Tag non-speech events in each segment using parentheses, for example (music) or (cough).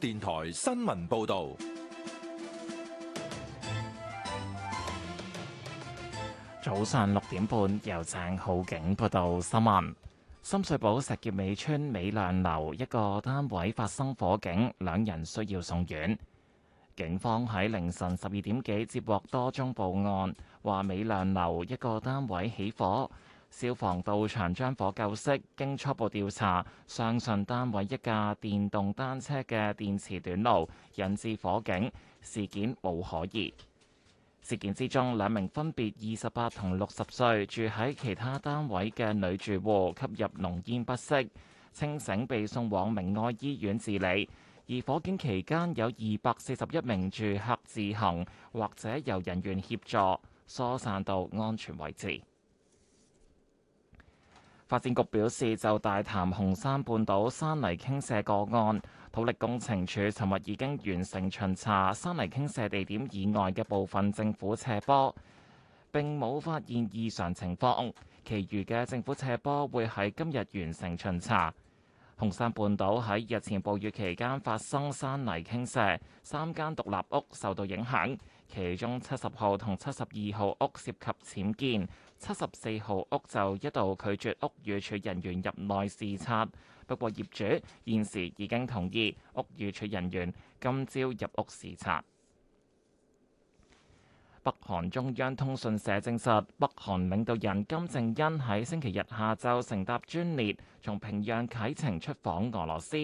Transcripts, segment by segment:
電台新聞報道，早上六點半，由鄭浩景報道新聞。深水埗石硤尾村美亮樓一個單位發生火警，兩人需要送院。警方喺凌晨十二點幾接獲多宗報案，話美亮樓一個單位起火。消防到場將火救熄，經初步調查，相信單位一架電動單車嘅電池短路引致火警，事件冇可疑。事件之中，兩名分別二十八同六十歲住喺其他單位嘅女住戶吸入濃煙不適，清醒被送往明愛醫院治理。而火警期間，有二百四十一名住客自行或者由人員協助疏散到安全位置。發展局表示，就大潭紅山半島山泥傾瀉個案，土力工程處尋日已經完成巡查山泥傾瀉地點以外嘅部分政府斜坡，並冇發現異常情況。其餘嘅政府斜坡會喺今日完成巡查。紅山半島喺日前暴雨期間發生山泥傾瀉，三間獨立屋受到影響，其中七十號同七十二號屋涉及僭建。七十四號屋就一度拒絕屋宇署人員入內視察，不過業主現時已經同意屋宇署人員今朝入屋視察。北韓中央通訊社證實，北韓領導人金正恩喺星期日下晝乘搭專列從平壤啟程出訪俄羅斯，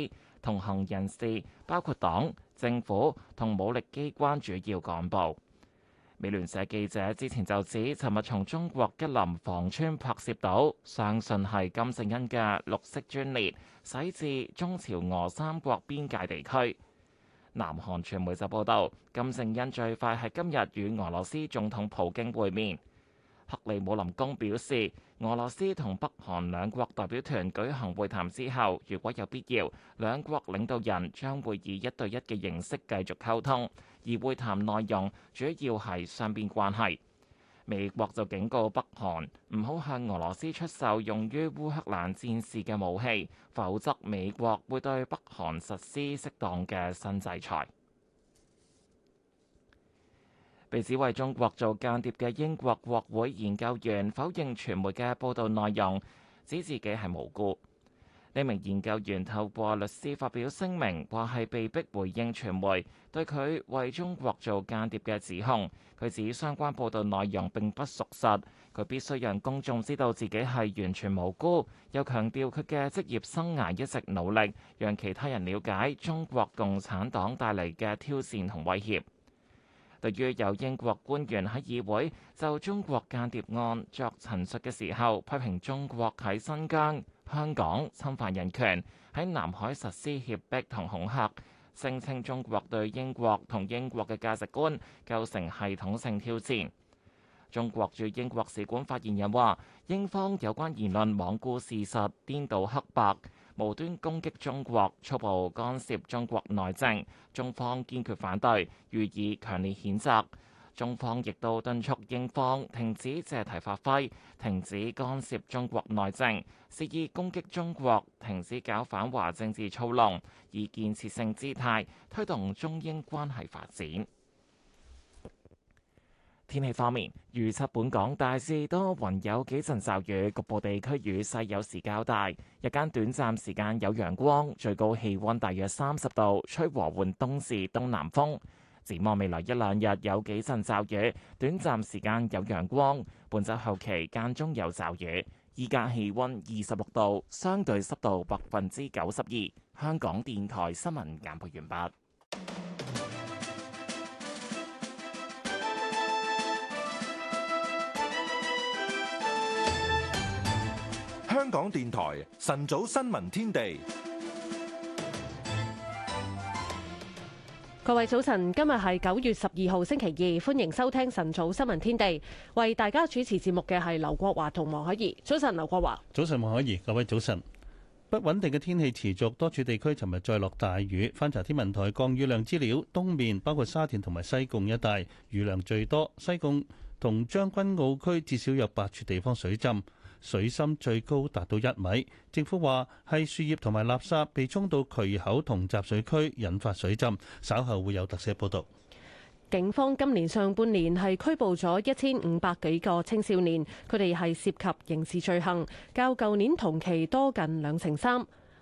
同行人士包括黨、政府同武力機關主要幹部。美聯社記者之前就指，尋日從中國吉林房村拍攝到，相信係金正恩嘅綠色專列，駛至中朝俄三國邊界地區。南韓傳媒就報道，金正恩最快係今日與俄羅斯總統普京會面。克里姆林宮表示，俄羅斯同北韓兩國代表團舉行會談之後，如果有必要，兩國領導人將會以一對一嘅形式繼續溝通。而會談內容主要係雙邊關係，美國就警告北韓唔好向俄羅斯出售用於烏克蘭戰事嘅武器，否則美國會對北韓實施適當嘅新制裁。被指為中國做間諜嘅英國國會研究員否認傳媒嘅報道內容，指自己係無辜。呢名研究員透過律師發表聲明，話係被逼回應傳媒對佢為中國做間諜嘅指控。佢指相關報道內容並不屬實，佢必須讓公眾知道自己係完全無辜，又強調佢嘅職業生涯一直努力，讓其他人了解中國共產黨帶嚟嘅挑戰同威脅。對於有英國官員喺議會就中國間諜案作陳述嘅時候，批評中國喺新疆、香港侵犯人權，喺南海實施脅迫同恐嚇，聲稱中國對英國同英國嘅價值觀構成系統性挑戰。中國駐英國使館發言人話：英方有關言論罔顧事實，顛倒黑白。無端攻擊中國，粗暴干涉中國內政，中方堅決反對，予以強烈譴責。中方亦都敦促英方停止借題發揮，停止干涉中國內政，肆意攻擊中國，停止搞反華政治操弄，以建設性姿態推動中英關係發展。天氣方面，預測本港大致多雲，有幾陣驟雨，局部地區雨勢有時較大。日間短暫時間有陽光，最高氣溫大約三十度，吹和緩東至東南風。展望未來一兩日有幾陣驟雨，短暫時間有陽光。本周後期間中有驟雨。依家氣溫二十六度，相對濕度百分之九十二。香港電台新聞簡報完畢。香港電台晨早新聞天地，各位早晨，今日係九月十二號星期二，歡迎收聽晨早新聞天地。為大家主持節目嘅係劉國華同黃可怡。早晨，劉國華。早晨，黃可怡。各位早晨。不穩定嘅天氣持續，多處地區尋日再落大雨。翻查天文台降雨量資料，東面包括沙田同埋西貢一帶雨量最多，西貢同將軍澳區至少有八處地方水浸。水深最高達到一米，政府話係樹葉同埋垃圾被沖到渠口同集水區，引發水浸。稍後會有特寫報道。警方今年上半年係拘捕咗一千五百幾個青少年，佢哋係涉及刑事罪行，較舊年同期多近兩成三。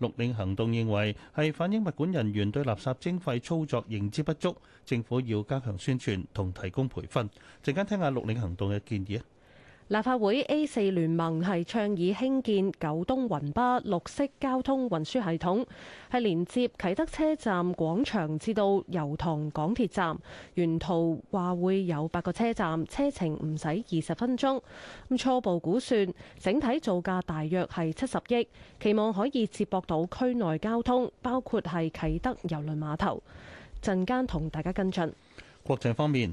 綠領行動認為係反映物管人員對垃圾徵費操作認知不足，政府要加強宣傳同提供培訓。陣間聽下綠領行動嘅建議啊！立法會 A4 聯盟係倡議興建九東雲巴綠色交通運輸系統，係連接啟德車站廣場至到油塘港鐵站，沿途話會有八個車站，車程唔使二十分鐘。咁初步估算，整體造價大約係七十億，期望可以接駁到區內交通，包括係啟德郵輪碼頭。陣間同大家跟進。國際方面。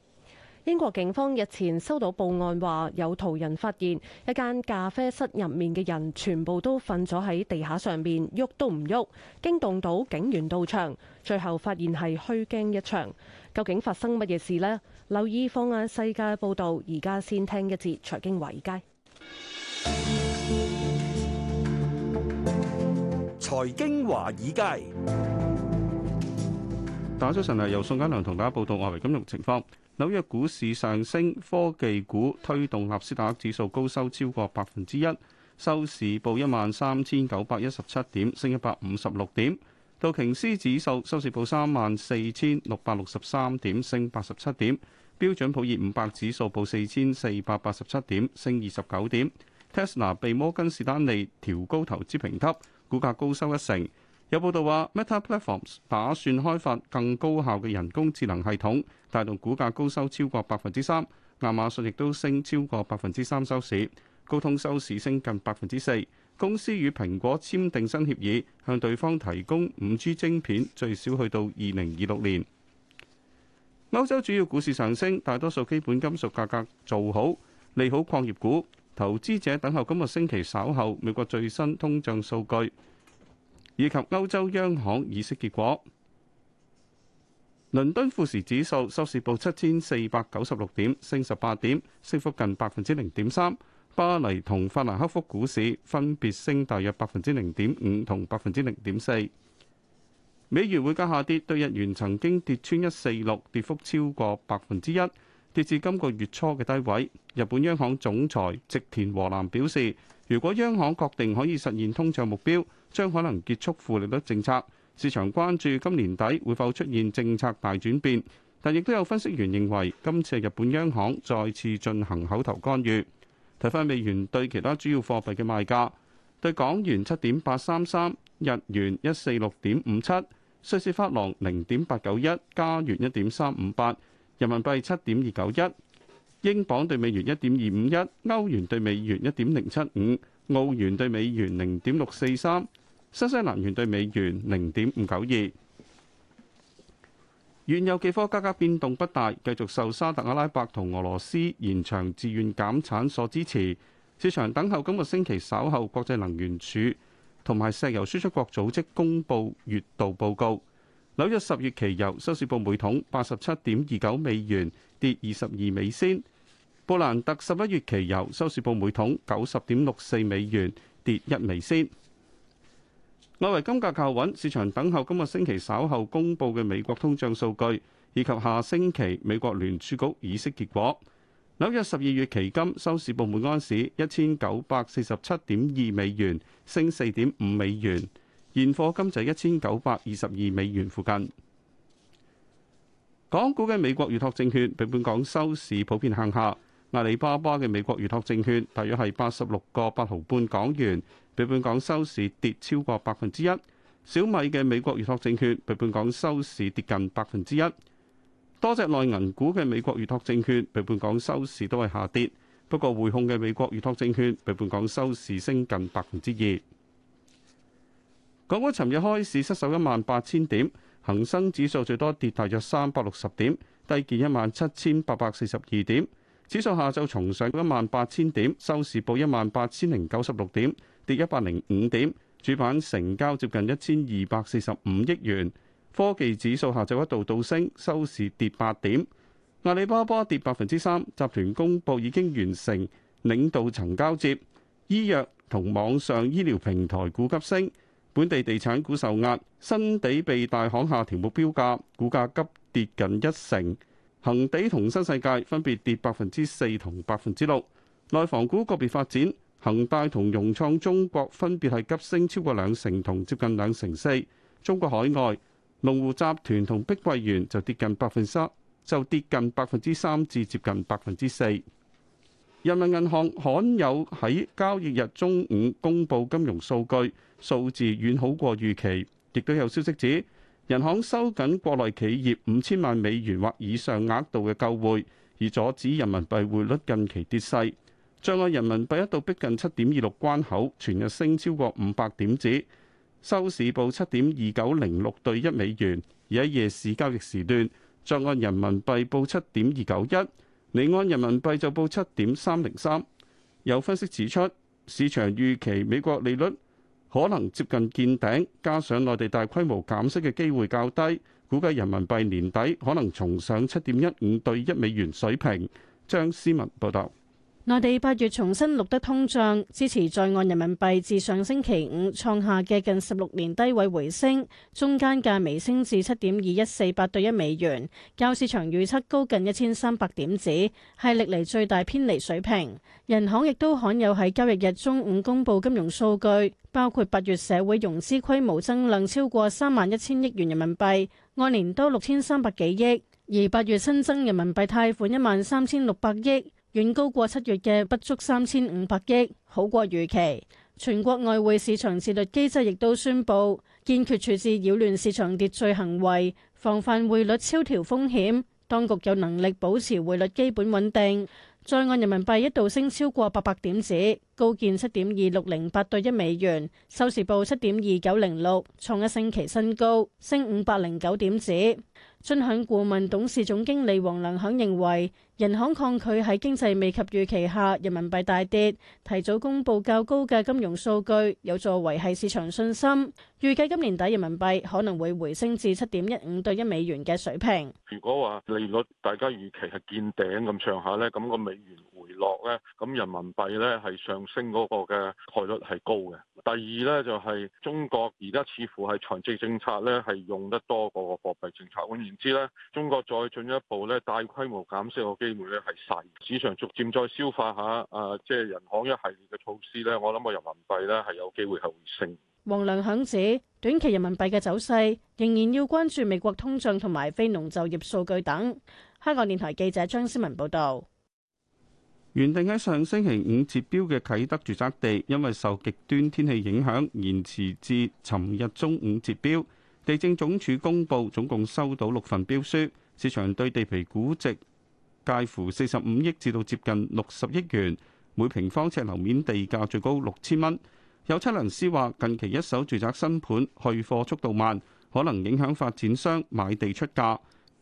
英國警方日前收到報案，話有途人發現一間咖啡室入面嘅人全部都瞓咗喺地下上，上面，喐都唔喐，驚動到警員到場，最後發現係虛驚一場。究竟發生乜嘢事呢？留意、啊《放眼世界》報道，而家先聽一節《財經華爾街》。財經華爾街，大早晨，由宋嘉良同大家報道外圍金融情況。紐約股市上升，科技股推動納斯達克指數高收超過百分之一，收市報一萬三千九百一十七點，升一百五十六點。道瓊斯指數收市報三萬四千六百六十三點，升八十七點。標準普爾五百指數報四千四百八十七點，升二十九點。Tesla 被摩根士丹利調高投資評級，股價高收一成。有報道話，Meta Platforms 打算開發更高效嘅人工智能系統，帶動股價高收超過百分之三。亞馬遜亦都升超過百分之三收市。高通收市升近百分之四，公司與蘋果簽訂新協議，向對方提供五 G 晶片，最少去到二零二六年。歐洲主要股市上升，大多數基本金屬價格做好，利好礦業股。投資者等候今個星期稍後美國最新通脹數據。以及歐洲央行議息結果，倫敦富時指數收市報七千四百九十六點，升十八點，升幅近百分之零點三。巴黎同法蘭克福股市分別升大約百分之零點五同百分之零點四。美元匯價下跌，對日元曾經跌穿一四六，跌幅超過百分之一，跌至今個月初嘅低位。日本央行總裁植田和男表示，如果央行確定可以實現通脹目標，將可能結束負利率政策，市場關注今年底會否出現政策大轉變。但亦都有分析員認為，今次日本央行再次進行口頭干預。睇返美元對其他主要貨幣嘅賣價，對港元七點八三三，日元一四六點五七，瑞士法郎零點八九一，加元一點三五八，人民幣七點二九一，英鎊對美元一點二五一，歐元對美元一點零七五，澳元對美元零點六四三。新西蘭元對美元零點五九二。原油期貨價格變動不大，繼續受沙特阿拉伯同俄羅斯延長自願減產所支持。市場等候今個星期稍後國際能源署同埋石油輸出國組織公佈月度報告。紐約十月期油收市報每桶八十七點二九美元，跌二十二美仙。布蘭特十一月期油收市報每桶九十點六四美元，跌一美仙。外圍金價靠穩，市場等候今個星期稍後公布嘅美國通脹數據，以及下星期美國聯儲局議息結果。紐約十二月期金收市報每安市一千九百四十七點二美元，升四點五美元，現貨金就一千九百二十二美元附近。港股嘅美國預託證券比本港收市普遍向下。阿里巴巴嘅美國預託證券大約係八十六個八毫半港元，比本港收市跌超過百分之一。小米嘅美國預託證券比本港收市跌近百分之一。多隻內銀股嘅美國預託證券比本港收市都係下跌，不過匯控嘅美國預託證券比本港收市升近百分之二。港股尋日開市失守一萬八千點，恒生指數最多跌大約三百六十點，低見一萬七千八百四十二點。指數下晝重上一萬八千點，收市報一萬八千零九十六點，跌一百零五點。主板成交接近一千二百四十五億元。科技指數下晝一度倒升，收市跌八點。阿里巴巴跌百分之三，集團公佈已經完成領導層交接。醫藥同網上醫療平台股急升，本地地產股受壓，新地被大行下調目標價，股價急跌近一成。恒地同新世界分別跌百分之四同百分之六，內房股個別發展，恒大同融創中國分別係急升超過兩成同接近兩成四，中國海外、龍湖集團同碧桂園就跌近百分三，就跌近百分之三至接近百分之四。人民銀行罕有喺交易日中午公布金融數據，數字遠好過預期，亦都有消息指。人行收緊國內企業五千萬美元或以上額度嘅救匯，以阻止人民幣匯率近期跌勢。在岸人民幣一度逼近七點二六關口，全日升超過五百點指，收市報七點二九零六對一美元。而喺夜市交易時段，在岸人民幣報七點二九一，離岸人民幣就報七點三零三。有分析指出，市場預期美國利率。可能接近見頂，加上內地大規模減息嘅機會較低，估計人民幣年底可能重上七點一五對一美元水平。張思文報道。內地八月重新錄得通脹，支持在岸人民幣自上星期五創下嘅近十六年低位回升，中間價微升至七點二一四八兌一美元，較市場預測高近一千三百點子，係歷嚟最大偏離水平。人行亦都罕有喺交易日中午公布金融數據，包括八月社會融資規模增量超過三萬一千億元人民幣，按年多六千三百幾億，而八月新增人民幣貸款一萬三千六百億。遠高過七月嘅不足三千五百億，好過預期。全國外匯市場自律機制亦都宣布，堅決處置擾亂市場秩序行為，防範匯率超調風險。當局有能力保持匯率基本穩定。在岸人民幣一度升超過八百點子，高見七點二六零八兌一美元，收市報七點二九零六，創一星期新高，升五百零九點子。津享顧問董事總經理王良享認為。銀行抗拒喺經濟未及預期下，人民幣大跌，提早公布較高嘅金融數據，有助維繫市場信心。預計今年底人民幣可能會回升至七點一五兌一美元嘅水平。如果話利率大家預期係見頂咁上下呢，咁個美元回落咧，咁人民幣咧係上升嗰個嘅概率係高嘅。第二咧就係中國而家似乎係財政政策咧係用得多過個貨幣政策。換言之咧，中國再進一步咧大規模減息個機會咧係細。市場逐漸再消化下啊，即係人行一系列嘅措施咧。我諗個人民幣咧係有機會，係會升。黃良響指短期人民幣嘅走勢仍然要關注美國通脹同埋非農就業數據等。香港電台記者張思文報道。原定喺上星期五截標嘅啟德住宅地，因為受極端天氣影響，延遲至尋日中午截標。地政總署公布，總共收到六份標書。市場對地皮估值介乎四十五億至到接近六十億元，每平方尺樓面地價最高六千蚊。有測量師話，近期一手住宅新盤去貨速度慢，可能影響發展商買地出價，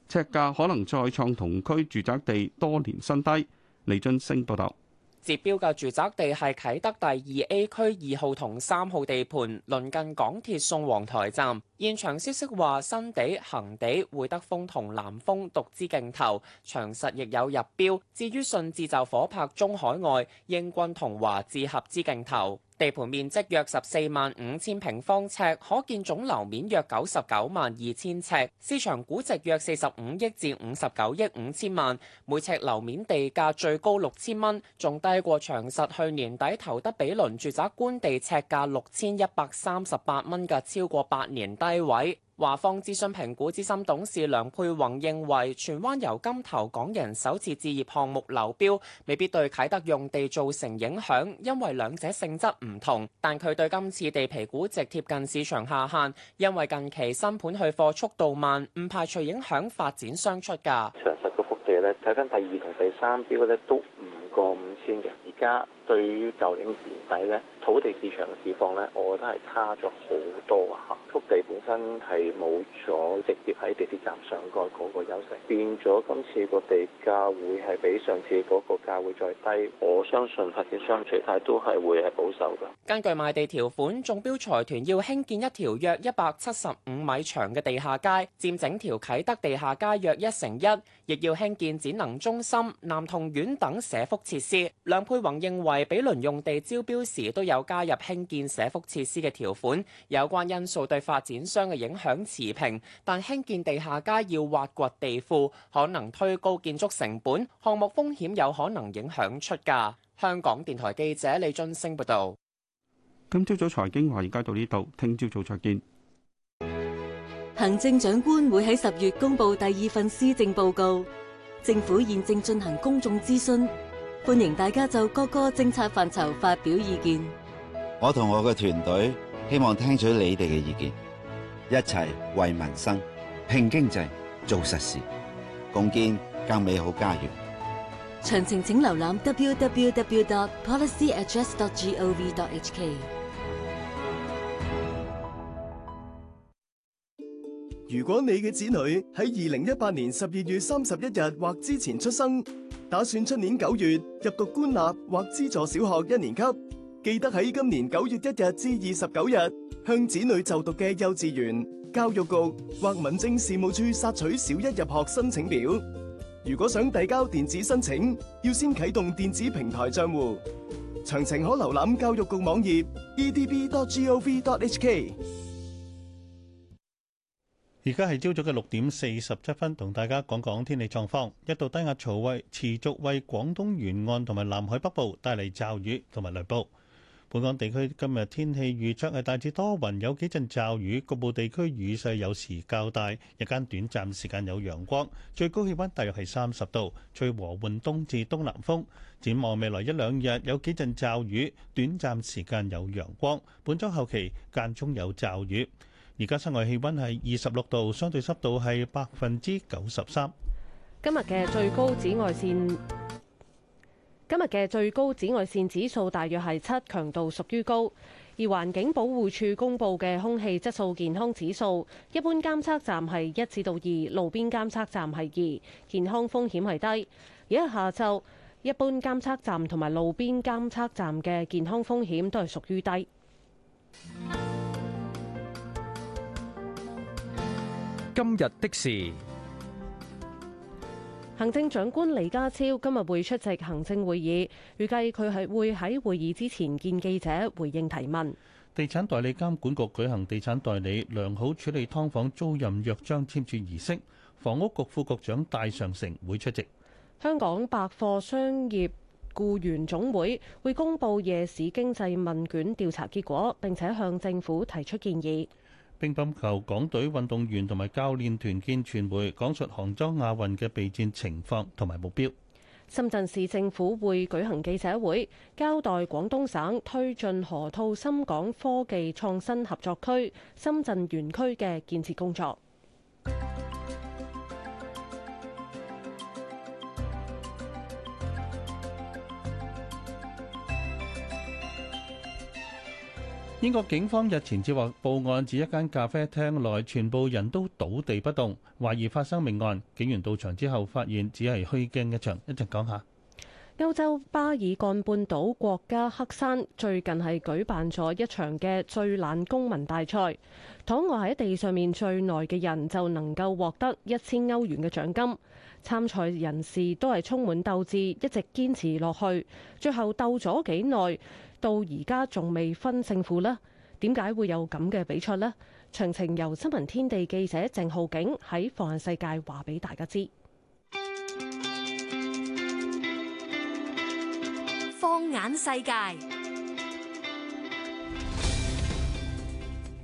尺價可能再創同區住宅地多年新低。李津升報道，截標嘅住宅地係啟德第二 A 區二號同三號地盤，鄰近港鐵宋皇台站。現場消息話，新地、恒地、會德豐同南豐獨資競投，長實亦有入標。至於順治就火拍中海外英郡同華智合資競投，地盤面積約十四萬五千平方尺，可建總樓面約九十九萬二千尺，市場估值約四十五億至五十九億五千萬，每尺樓面地價最高六千蚊，仲低過長實去年底投得比鄰住宅官地尺價六千一百三十八蚊嘅超過八年低。計委華方諮詢評估資深董事梁佩宏認為，荃灣油柑頭港人首次置業項目流標未必對啟德用地造成影響，因為兩者性質唔同。但佢對今次地皮估值貼近市場下限，因為近期新盤去貨速度慢，唔排除影響發展商出價。長實個幅地呢，睇緊第二同第三標咧，都唔過五千嘅，而家。對舊年年底呢土地市場嘅市況呢，我覺得係差咗好多啊！幅地本身係冇咗直接喺地鐵站上蓋嗰個優勢，變咗今次個地價會係比上次嗰個價會再低。我相信發展商除曬都係會係保守㗎。根據賣地條款，中標財團要興建一條約一百七十五米長嘅地下街，佔整條啟德地下街約一成一，亦要興建展能中心、南同苑等社福設施。梁佩宏認為。比鄰用地招標時都有加入興建社福設施嘅條款，有關因素對發展商嘅影響持平，但興建地下街要挖掘地庫，可能推高建築成本，項目風險有可能影響出價。香港電台記者李俊升報道。今朝早財經華爾街到呢度，聽朝早再見。行政長官會喺十月公布第二份施政報告，政府現正進行公眾諮詢。歡迎大家就各個政策範疇發表意見。我同我嘅團隊希望聽取你哋嘅意見，一齊為民生、拼經濟、做實事，共建更美好家園。詳情請瀏覽 www.policyaddress.gov.hk dot。如果你嘅子女喺二零一八年十二月三十一日或之前出生，打算出年九月入讀官立或資助小學一年級，記得喺今年九月一日至二十九日，向子女就讀嘅幼稚園、教育局或民政事務處索取小一入學申請表。如果想遞交電子申請，要先啟動電子平台賬戶。詳情可瀏覽教育局網頁 edb.gov.hk。而家係朝早嘅六點四十七分，同大家講講天氣狀況。一度低壓槽位持續為廣東沿岸同埋南海北部帶嚟驟雨同埋雷暴。本港地區今日天，天氣預測係大致多雲，有幾陣驟雨，局部地區雨勢有時較大，日間短暫時間有陽光，最高氣温大約係三十度，吹和緩東至東南風。展望未來一兩日有幾陣驟雨，短暫時間有陽光。本週後期間中有驟雨。而家室外氣温係二十六度，相對濕度係百分之九十三。今日嘅最高紫外線，今日嘅最高紫外線指數大約係七，強度屬於高。而環境保護署公布嘅空氣質素健康指數，一般監測站係一至到二，路邊監測站係二，健康風險係低。而喺下晝，一般監測站同埋路邊監測站嘅健康風險都係屬於低。今日的事，行政長官李家超今日會出席行政會議，預計佢係會喺會議之前見記者回應提問。地產代理監管局舉行地產代理良好處理劏房租賃約章簽署儀式，房屋局副局長戴尚成會出席。香港百貨商業僱員總會會公布夜市經濟問卷調查結果，並且向政府提出建議。乒乓球港隊運動員同埋教練團見傳媒，講述杭州亞運嘅備戰情況同埋目標。深圳市政府會舉行記者會，交代廣東省推進河套深港科技創新合作區深圳園區嘅建設工作。英國警方日前接獲報案，指一間咖啡廳內全部人都倒地不動，懷疑發生命案。警員到場之後，發現只係虛驚一場。一陣講下，歐洲巴爾幹半島國家黑山最近係舉辦咗一場嘅最懶公民大賽，躺臥喺地上面最耐嘅人就能夠獲得一千歐元嘅獎金。參賽人士都係充滿鬥志，一直堅持落去，最後鬥咗幾耐，到而家仲未分勝負呢？點解會有咁嘅比賽呢？詳情由新聞天地記者鄭浩景喺放眼世界話俾大家知。放眼世界。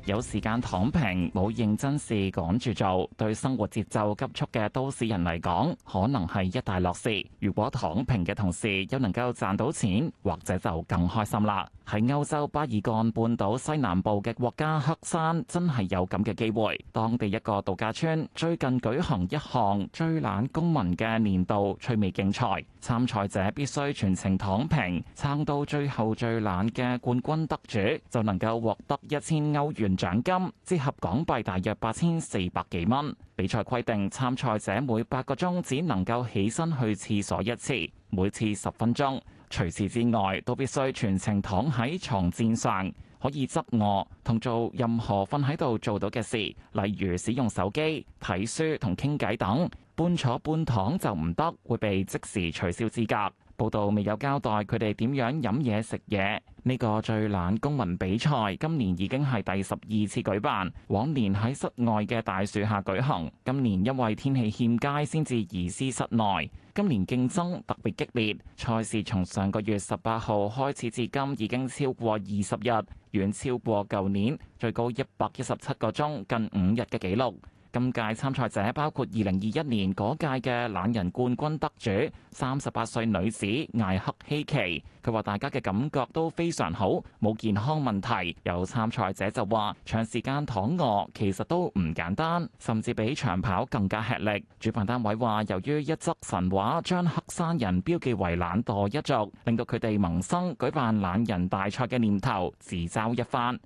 有時間躺平，冇認真事趕住做，對生活節奏急促嘅都市人嚟講，可能係一大樂事。如果躺平嘅同時又能夠賺到錢，或者就更開心啦。喺歐洲巴爾幹半島西南部嘅國家黑山真係有咁嘅機會，當地一個度假村最近舉行一項最懶公民嘅年度趣味競賽，參賽者必須全程躺平，撐到最後最懶嘅冠軍得主，就能夠獲得一千歐元獎金，折合港幣大約八千四百幾蚊。比賽規定參賽者每八個鐘只能夠起身去廁所一次，每次十分鐘。除此之外，都必須全程躺喺牀墊上，可以側卧同做任何瞓喺度做到嘅事，例如使用手機、睇書同傾偈等。半坐半躺就唔得，會被即時取消資格。報道未有交代佢哋點樣飲嘢食嘢。呢個最懶公民比賽今年已經係第十二次舉辦，往年喺室外嘅大樹下舉行，今年因為天氣欠佳先至移師室內。今年競爭特別激烈，賽事從上個月十八號開始至今已經超過二十日，遠超過舊年，最高一百一十七個鐘，近五日嘅紀錄。今屆參賽者包括二零二一年嗰屆嘅懶人冠軍得主三十八歲女子艾克希奇，佢話大家嘅感覺都非常好，冇健康問題。有參賽者就話長時間躺卧其實都唔簡單，甚至比長跑更加吃力。主辦單位話，由於一則神話將黑山人標記為懶惰一族，令到佢哋萌生舉辦懶人大賽嘅念頭，自嘲一番。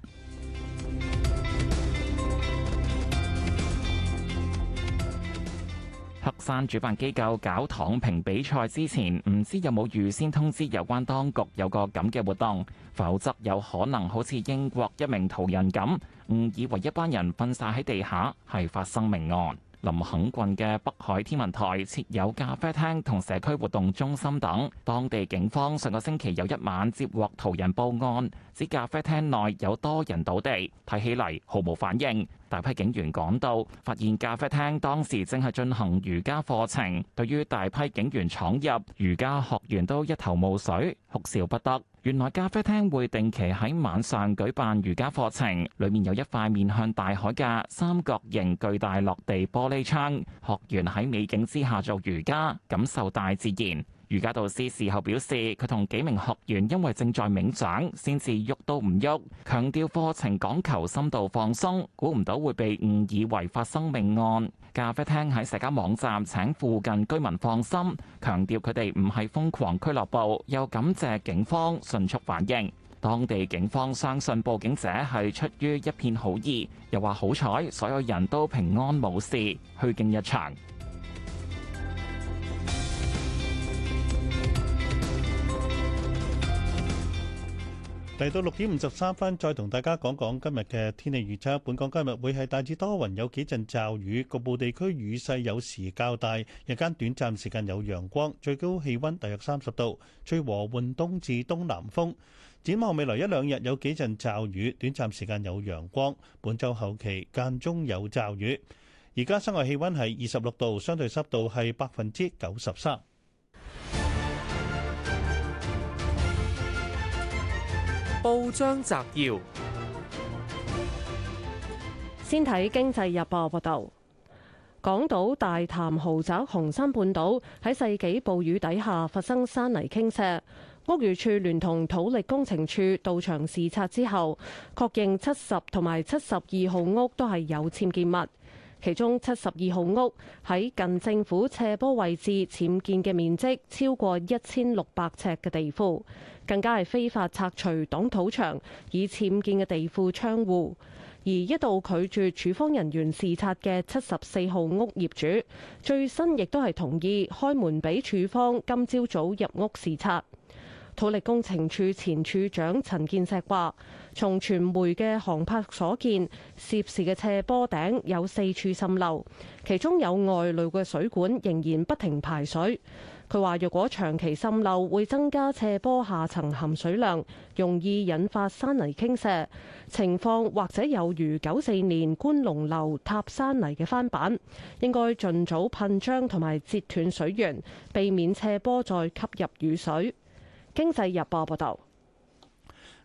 黑山主辦機構搞躺平比賽之前，唔知有冇預先通知有關當局有個咁嘅活動，否則有可能好似英國一名途人咁，誤以為一班人瞓晒喺地下係發生命案。林肯郡嘅北海天文台設有咖啡廳同社區活動中心等，當地警方上個星期有一晚接獲途人報案，指咖啡廳內有多人倒地，睇起嚟毫無反應。大批警員趕到，發現咖啡廳當時正係進行瑜伽課程。對於大批警員闖入，瑜伽學員都一頭霧水，哭笑不得。原來咖啡廳會定期喺晚上舉辦瑜伽課程，裡面有一塊面向大海嘅三角形巨大落地玻璃窗，學員喺美景之下做瑜伽，感受大自然。瑜伽導師事後表示，佢同幾名學員因為正在冥想，先至喐都唔喐，強調課程講求深度放鬆，估唔到會被誤以為發生命案。咖啡廳喺社交網站請附近居民放心，強調佢哋唔係瘋狂俱樂部，又感謝警方迅速反應。當地警方相信報警者係出於一片好意，又話好彩所有人都平安無事，虛驚一場。嚟到六點五十三分，再同大家講講今日嘅天氣預測。本港今日會係大致多雲，有幾陣驟雨，局部地區雨勢有時較大，日間短暫時間有陽光，最高氣温大約三十度，吹和緩東至東南風。展望未來一兩日有幾陣驟雨，短暫時間有陽光，本週後期間中有驟雨。而家室外氣温係二十六度，相對濕度係百分之九十三。報章摘要：先睇經濟日報報道，港島大潭豪宅紅山半島喺世紀暴雨底下發生山泥傾瀉，屋宇署聯同土力工程處到場視察之後，確認七十同埋七十二號屋都係有僭建物。其中七十二號屋喺近政府斜坡位置僭建嘅面積超過一千六百尺嘅地庫，更加係非法拆除擋土牆以僭建嘅地庫窗戶。而一度拒絕處方人員視察嘅七十四號屋業主，最新亦都係同意開門俾處方今朝早，早入屋視察。土力工程處前處長陳建石話。從傳媒嘅航拍所見，涉事嘅斜坡頂有四處滲漏，其中有外露嘅水管仍然不停排水。佢話：若果長期滲漏，會增加斜坡下層含水量，容易引發山泥傾瀉情況或者有如九四年觀龍樓塌山泥嘅翻版。應該盡早噴漿同埋截斷水源，避免斜坡再吸入雨水。經濟日報報道。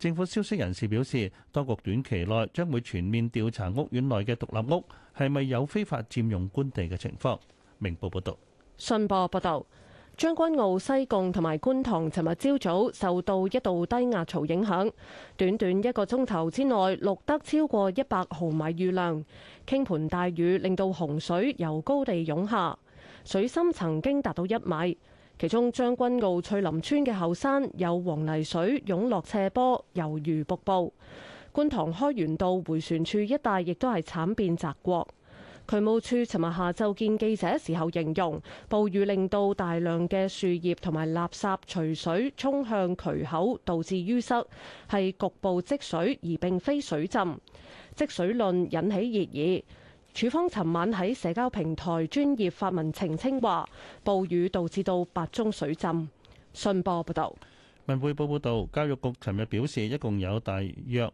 政府消息人士表示，當局短期內將會全面調查屋苑內嘅獨立屋係咪有非法佔用官地嘅情況，明報報道。信報報道，將軍澳西貢同埋觀塘，尋日朝早受到一道低壓槽影響，短短一個鐘頭之內錄得超過一百毫米雨量，傾盆大雨令到洪水由高地湧下，水深曾經達到一米。其中將軍澳翠林村嘅後山有黃泥水湧落斜坡，猶如瀑布；觀塘開源道回旋處一帶亦都係慘變澤國。渠務處尋日下晝見記者時候形容，暴雨令到大量嘅樹葉同埋垃圾隨水沖向渠口，導致淤塞，係局部積水而並非水浸。積水論引起熱議。署方尋晚喺社交平台專業發文澄清，話暴雨導致到八中水浸。信報報道。文匯報報道。教育局琴日表示，一共有大約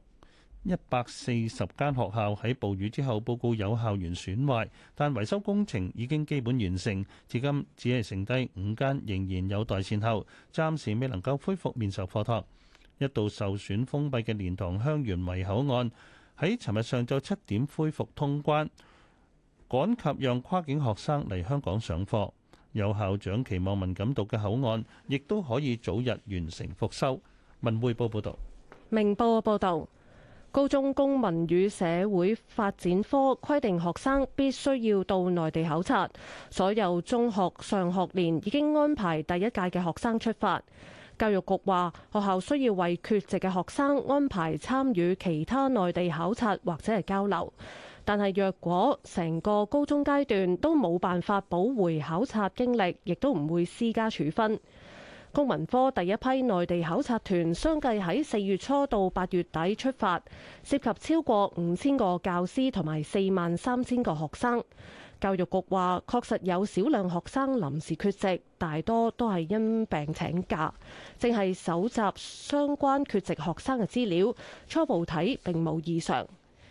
一百四十間學校喺暴雨之後報告有校園損壞，但維修工程已經基本完成，至今只係剩低五間仍然有待善後，暫時未能夠恢復面授課堂。一度受損封閉嘅蓮塘香園圍口岸。喺尋日上晝七點恢復通關，趕及讓跨境學生嚟香港上課。有校長期望文錦渡嘅口岸亦都可以早日完成復修。文匯報報道。明報報道，高中公民與社會發展科規定學生必須要到內地考察。所有中學上學年已經安排第一屆嘅學生出發。教育局話，學校需要為缺席嘅學生安排參與其他內地考察，或者係交流，但係若果成個高中階段都冇辦法補回考察經歷，亦都唔會施加處分。公民科第一批內地考察團相繼喺四月初到八月底出發，涉及超過五千個教師同埋四萬三千個學生。教育局話，確實有少量學生臨時缺席，大多都係因病請假。正係搜集相關缺席學生嘅資料，初步睇並冇異常。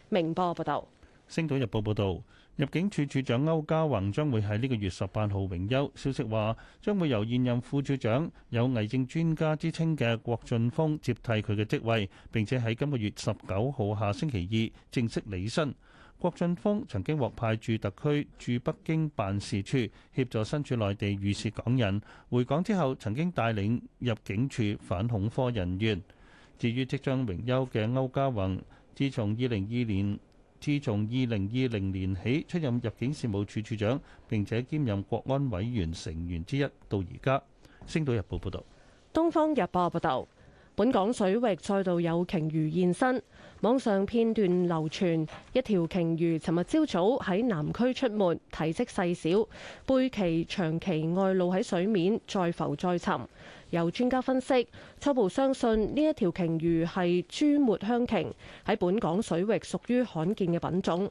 明報報道：《星島日報》報道，入境處處長歐家宏將會喺呢個月十八號榮休，消息話將會由現任副處長、有危症專家之稱嘅郭俊峯接替佢嘅職位，並且喺今個月十九號下星期二正式履新。郭俊峰曾經獲派駐特區駐北京辦事處，協助身處內地遇事港人，回港之後曾經帶領入境處反恐科人員。至於即將榮休嘅歐家宏，自從二零二年，自從二零二零年起出任入境事務處處長，並且兼任國安委員成員之一，到而家。星島日報報導，東方日報報道：「本港水域再度有鯨魚現身。網上片段流傳一條鯨魚，尋日朝早喺南區出沒，體積細小，背鰭長期外露喺水面，再浮再沉。由專家分析，初步相信呢一條鯨魚係豬抹香鯨，喺本港水域屬於罕見嘅品種。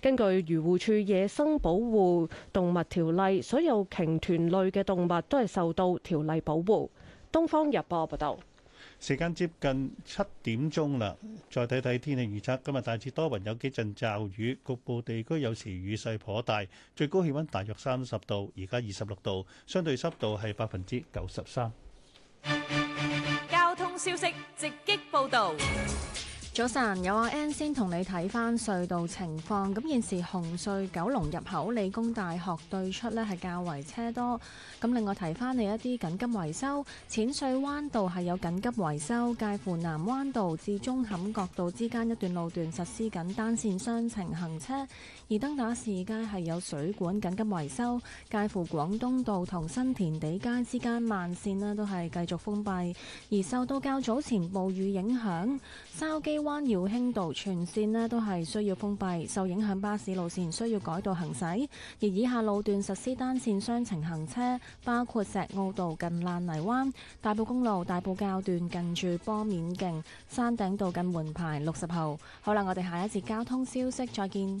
根據漁護處野生保護動物條例，所有鯨豚類嘅動物都係受到條例保護。東方日報報道。時間接近七點鐘啦，再睇睇天氣預測。今日大致多雲，有幾陣驟雨，局部地區有時雨勢頗大。最高氣温大約三十度，而家二十六度，相對濕度係百分之九十三。交通消息，直擊報導。早晨，有阿 N 先同你睇翻隧道情況。咁現時紅隧九龍入口、理工大學對出咧，係較為車多。咁另外提翻你一啲緊急維修，淺水灣道係有緊急維修，介乎南灣道至舂坎角道之間一段路段實施緊單線雙程行車。而登打士街係有水管緊急維修，介乎廣東道同新填地街之間慢線咧都係繼續封閉。而受到較早前暴雨影響，筲箕灣繞興道全線咧都係需要封閉，受影響巴士路線需要改道行駛，而以下路段實施單線雙程行車，包括石澳道近爛泥灣、大埔公路大埔滘段近住波面徑、山頂道近門牌六十號。好啦，我哋下一節交通消息再見。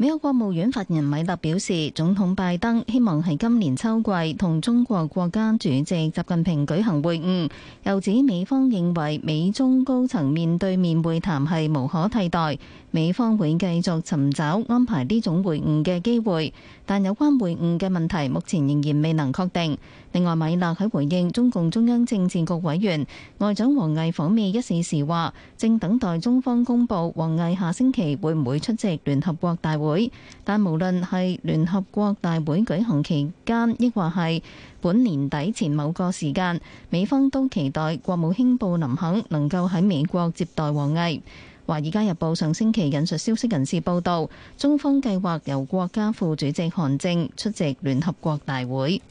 美國國務院發言人米勒表示，總統拜登希望喺今年秋季同中國國家主席習近平舉行會晤，又指美方認為美中高層面對面會談係無可替代，美方會繼續尋找安排呢種會晤嘅機會，但有關會晤嘅問題目前仍然未能確定。另外，米勒喺回應中共中央政治局委員外長王毅訪美一事時，時話，正等待中方公布王毅下星期會唔會出席聯合國大會。會，但無論係聯合國大會舉行期間，亦或係本年底前某個時間，美方都期待國務卿布林肯能夠喺美國接待王毅。華爾街日報上星期引述消息人士報道，中方計劃由國家副主席韓正出席聯合國大會。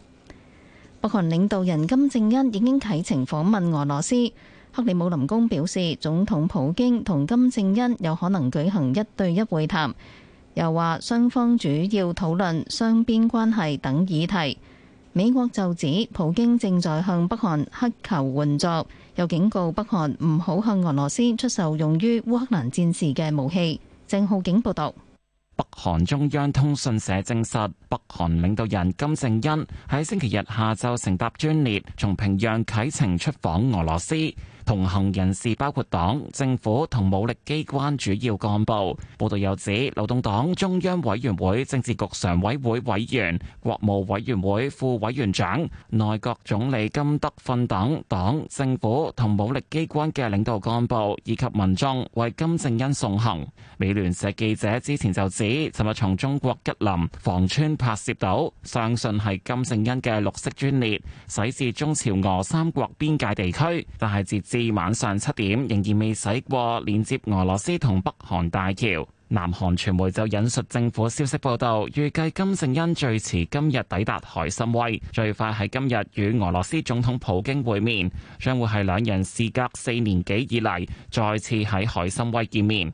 北韓領導人金正恩已經啟程訪問俄羅斯，克里姆林宮表示，總統普京同金正恩有可能舉行一對一會談。又話雙方主要討論雙邊關係等議題。美國就指普京正在向北韓乞求援助，又警告北韓唔好向俄羅斯出售用於烏克蘭戰事嘅武器。鄭浩景報道：「北韓中央通訊社證實，北韓領導人金正恩喺星期日下晝乘搭專列從平壤啟程出訪俄羅斯。同行人士包括黨、政府同武力機關主要幹部。報道又指，勞動黨中央委員會政治局常委會委員、國務委員會副委員長、內閣總理金德訓等黨、政府同武力機關嘅領導幹部以及民眾為金正恩送行。美聯社記者之前就指，尋日從中國吉林房村拍攝到，相信係金正恩嘅綠色專列，駛至中朝俄三國邊界地區，但係截至。至晚上七點仍然未駛過連接俄羅斯同北韓大橋。南韓傳媒就引述政府消息報道，預計金正恩最遲今日抵達海參崴，最快喺今日與俄羅斯總統普京會面，將會係兩人事隔四年幾以嚟再次喺海參崴見面。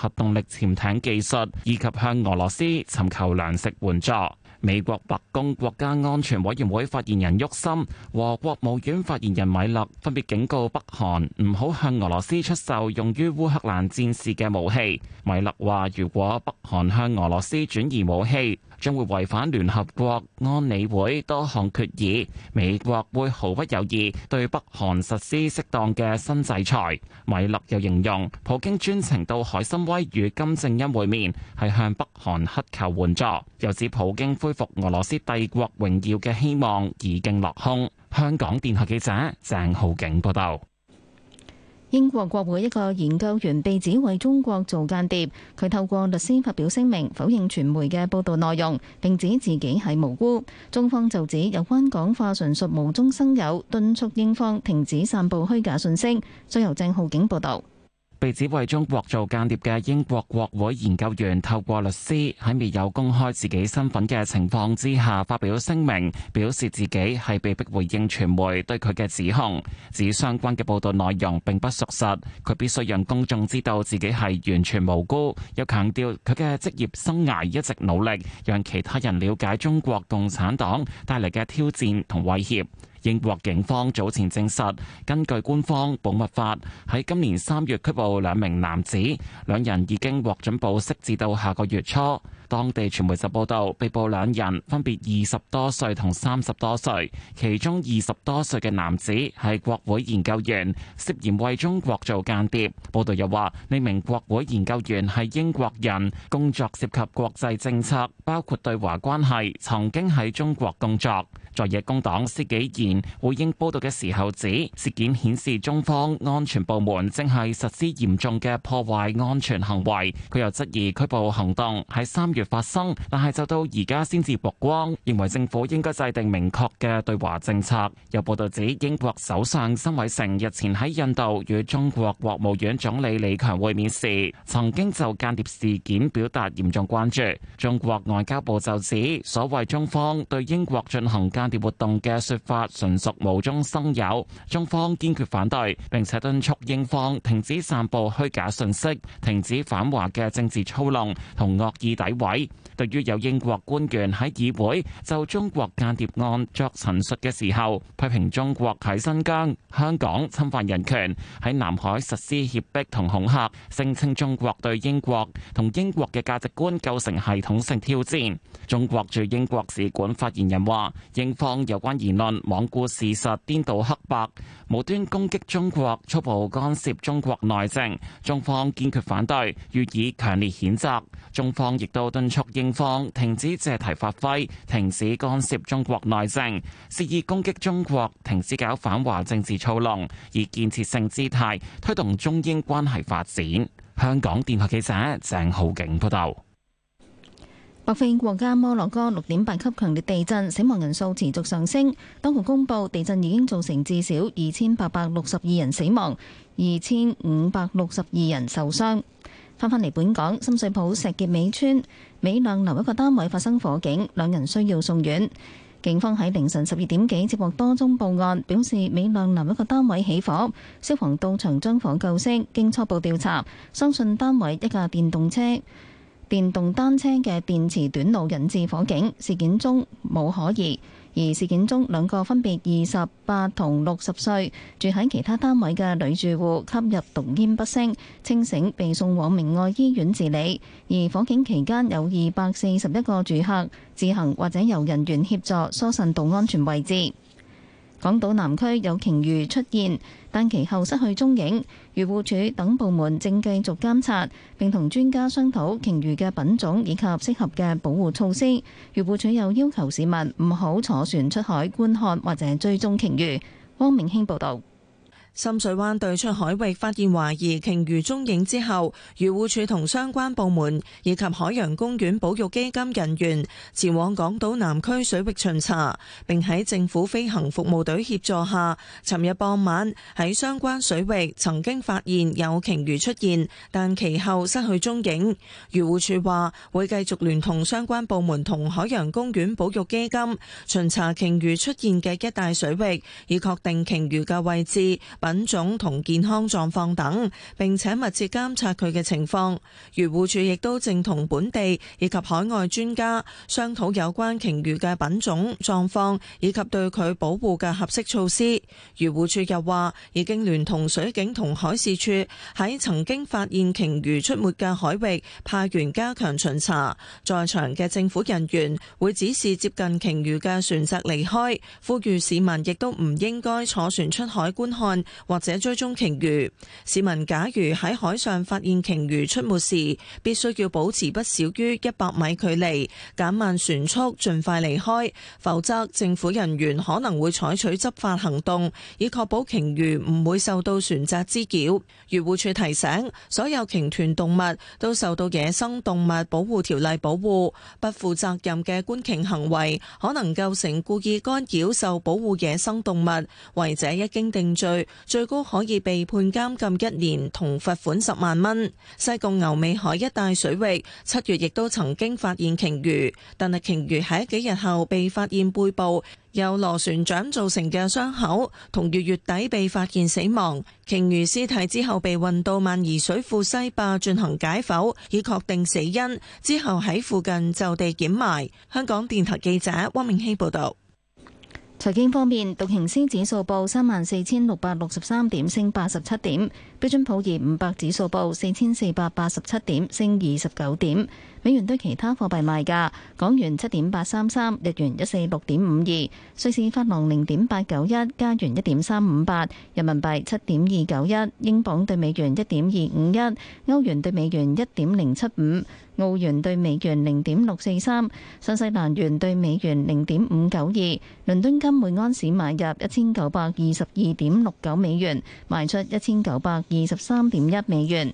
核動力潛艇技術，以及向俄羅斯尋求糧食援助。美國白宮國家安全委員會發言人沃森和國務院發言人米勒分別警告北韓唔好向俄羅斯出售用於烏克蘭戰事嘅武器。米勒話：如果北韓向俄羅斯轉移武器，將會違反聯合國安理會多項決議，美國會毫不猶豫對北韓實施適當嘅新制裁。米勒又形容，普京專程到海參崴與金正恩會面，係向北韓乞求援助，又指普京恢復俄羅斯帝國榮耀嘅希望已經落空。香港電台記者鄭浩景報道。英國國會一個研究員被指為中國做間諜，佢透過律師發表聲明否認傳媒嘅報道內容，並指自己係無辜。中方就指有關講話純屬無中生有，敦促英方停止散布虛假信息。再由鄭浩景報道。被指為中國做間諜嘅英國國會研究員，透過律師喺未有公開自己身份嘅情況之下，發表聲明，表示自己係被逼回應傳媒對佢嘅指控，指相關嘅報道內容並不屬實，佢必須讓公眾知道自己係完全無辜，又強調佢嘅職業生涯一直努力讓其他人了解中國共產黨帶嚟嘅挑戰同威脅。英國警方早前證實，根據官方保密法，喺今年三月拘捕兩名男子，兩人已經獲准保釋至到下個月初。當地傳媒就報道，被捕兩人分別二十多歲同三十多歲，其中二十多歲嘅男子係國會研究員，涉嫌為中國做間諜。報道又話，呢名國會研究員係英國人，工作涉及國際政策，包括對華關係，曾經喺中國工作。在野工黨施紀賢回應報道嘅時候指，事件顯示中方安全部門正係實施嚴重嘅破壞安全行為。佢又質疑拘捕行動喺三月發生，但係就到而家先至曝光，認為政府應該制定明確嘅對華政策。有報道指，英國首相辛偉誠日前喺印度與中國國務院總理李強會面時，曾經就間諜事件表達嚴重關注。中國外交部就指，所謂中方對英國進行間諜活動嘅說法純屬無中生有，中方堅決反對，並且敦促英方停止散佈虛假信息，停止反華嘅政治操弄同惡意詆毀。對於有英國官員喺議會就中國間諜案作陳述嘅時候，批評中國喺新疆、香港侵犯人權，喺南海實施脅迫同恐嚇，聲稱中國對英國同英國嘅價值觀構成系統性挑戰。中國駐英國使館發言人話：「英方有關言論罔顧事實、顛倒黑白、無端攻擊中國、粗暴干涉中國內政，中方堅決反對，予以強烈譴責。中方亦都敦促英方停止借題發揮、停止干涉中國內政、肆意攻擊中國、停止搞反華政治操弄，以建設性姿態推動中英關係發展。香港電台記者鄭浩景報道。北非國家摩洛哥六點八級強烈地震，死亡人數持續上升。當局公布，地震已經造成至少二千八百六十二人死亡，二千五百六十二人受傷。翻返嚟本港，深水埗石硤尾村美亮樓一個單位發生火警，兩人需要送院。警方喺凌晨十二點幾接獲多宗報案，表示美亮樓一個單位起火，消防到場將火救熄。經初步調查，相信單位一架電動車電動單車嘅電池短路引致火警，事件中冇可疑。而事件中兩個分別二十八同六十歲住喺其他單位嘅女住戶吸入毒煙不省，清醒被送往明愛醫院治理。而火警期間有二百四十一個住客自行或者由人員協助疏散到安全位置。港島南區有鯨魚出現，但其後失去蹤影。漁護署等部門正繼續監察，並同專家商討鯨魚嘅品種以及適合嘅保護措施。漁護署又要求市民唔好坐船出海觀看或者追蹤鯨魚。汪明興報導。深水灣對出海域發現懷疑鯨魚蹤影之後，漁護署同相關部門以及海洋公園保育基金人員前往港島南區水域巡查，並喺政府飛行服務隊協助下，尋日傍晚喺相關水域曾經發現有鯨魚出現，但其後失去蹤影。漁護署話會繼續聯同相關部門同海洋公園保育基金巡查鯨魚出現嘅一帶水域，以確定鯨魚嘅位置。品種同健康狀況等，並且密切監察佢嘅情況。漁護署亦都正同本地以及海外專家商討有關鯨魚嘅品種、狀況以及對佢保護嘅合適措施。漁護署又話，已經聯同水警同海事處喺曾經發現鯨魚出沒嘅海域派員加強巡查，在場嘅政府人員會指示接近鯨魚嘅船隻離開，呼籲市民亦都唔應該坐船出海觀看。或者追蹤鯨魚，市民假如喺海上發現鯨魚出沒時，必須要保持不少於一百米距離，減慢船速，盡快離開，否則政府人員可能會採取執法行動，以確保鯨魚唔會受到船隻滋擾。漁護處提醒，所有鯨豚動物都受到野生動物保護條例保護，不負責任嘅觀鯨行為可能構成故意干擾受保護野生動物，違者一經定罪，最高可以被判監禁一年同罰款十萬蚊。西貢牛尾海一帶水域七月亦都曾經發現鯨魚，但係鯨魚喺幾日後被發現背部由螺旋槳造成嘅傷口，同月月底被發現死亡。鯨魚屍體之後被運到萬宜水庫西壩進行解剖，以確定死因。之後喺附近就地掩埋。香港電台記者汪明希報導。財經方面，道瓊斯指數報三萬四千六百六十三點，升八十七點；標準普爾五百指數報四千四百八十七點，升二十九點。美元對其他貨幣賣價，港元七點八三三，日元一四六點五二，瑞士法郎零點八九一，加元一點三五八，人民幣七點二九一，英鎊對美元一點二五一，歐元對美元一點零七五。澳元兌美元零點六四三，新西蘭元兌美元零點五九二，倫敦金每安士買入一千九百二十二點六九美元，賣出一千九百二十三點一美元。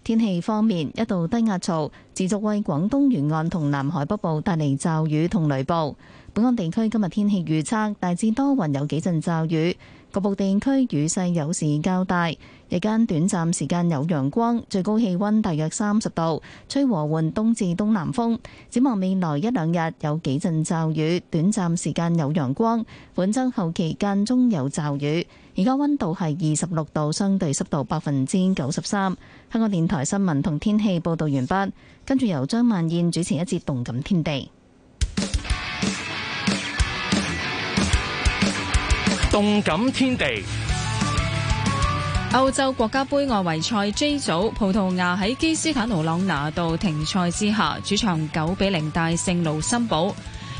天氣方面，一道低壓槽持續為廣東沿岸同南海北部帶嚟驟雨同雷暴。本港地區今日天氣預測大致多雲，有幾陣驟雨，局部地區雨勢有時較大。日間短暫時間有陽光，最高氣溫大約三十度，吹和緩東至東南風。展望未來一兩日有幾陣驟雨，短暫時間有陽光。本周後期間中有驟雨。而家温度係二十六度，相對濕度百分之九十三。香港電台新聞同天氣報道完畢，跟住由張萬燕主持一節《動感天地》。《動感天地》歐洲國家杯外圍賽 J 組，葡萄牙喺基斯坦奴朗拿度停賽之下，主場九比零大勝盧森堡。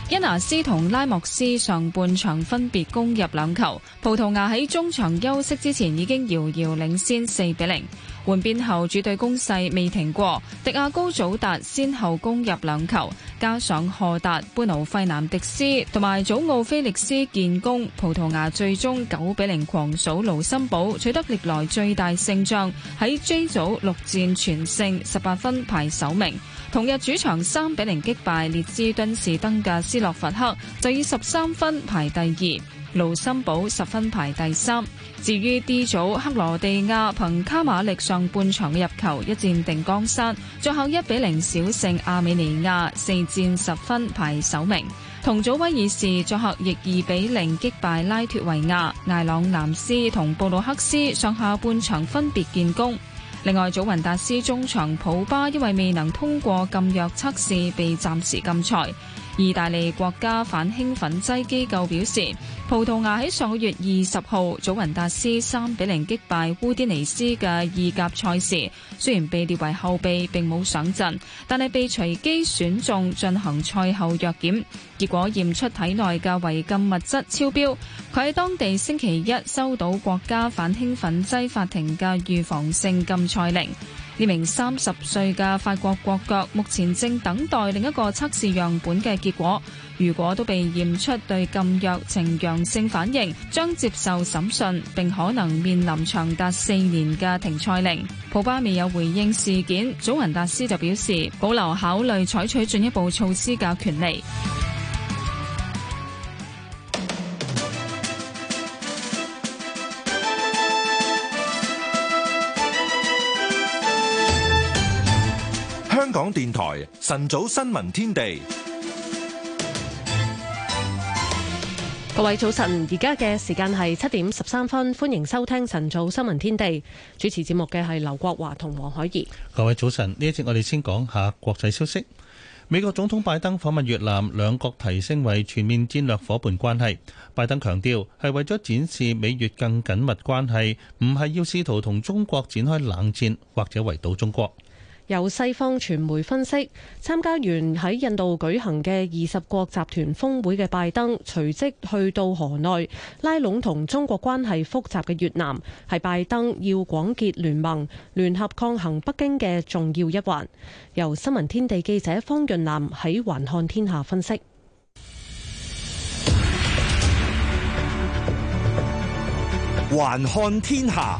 恩拿斯同拉莫斯上半場分別攻入兩球，葡萄牙喺中場休息之前已經遙遙領先四比零。換邊後，主隊攻勢未停過，迪亞高祖達先後攻入兩球，加上赫達、布努費南迪斯同埋祖奧菲力斯建功，葡萄牙最終九比零狂掃盧森堡，取得歷來最大勝仗。喺 J 組六戰全勝，十八分排首名。同日主場三比零擊敗列支敦士登嘅斯洛伐克，就以十三分排第二。盧森堡十分排第三，至於 D 組，克羅地亞憑卡馬力上半場嘅入球一戰定江山，作客一比零小勝亞美尼亞，四戰十分排首名。同組威爾士作客亦二比零擊敗拉脫維亞，艾朗南斯同布魯克斯上下半場分別建功。另外，祖雲達斯中場普巴因為未能通過禁藥測試被暫時禁賽。意大利國家反興奮劑機構表示，葡萄牙喺上個月二十號祖雲達斯三比零擊敗烏迪尼斯嘅意甲賽事，雖然被列為後備並冇上陣，但係被隨機選中進行賽後藥檢，結果驗出體內嘅違禁物質超標。佢喺當地星期一收到國家反興奮劑法庭嘅預防性禁賽令。呢名三十歲嘅法國國腳目前正等待另一個測試樣本嘅結果，如果都被驗出對禁藥呈陽性反應，將接受審訊，並可能面臨長達四年嘅停賽令。普巴未有回應事件，祖雲達斯就表示保留考慮採取進一步措施嘅權利。港電台晨早新聞天地，各位早晨，而家嘅時間係七點十三分，歡迎收聽晨早新聞天地。主持節目嘅係劉國華同黃海怡。各位早晨，呢一節我哋先講下國際消息。美國總統拜登訪問越南，兩國提升為全面戰略夥伴關係。拜登強調，係為咗展示美越更緊密關係，唔係要試圖同中國展開冷戰或者圍堵中國。有西方傳媒分析，參加完喺印度舉行嘅二十國集團峰會嘅拜登，隨即去到河內拉攏同中國關係複雜嘅越南，係拜登要廣結聯盟、聯合抗衡北京嘅重要一環。由新聞天地記者方潤南喺《環看天下》分析，《環看天下》。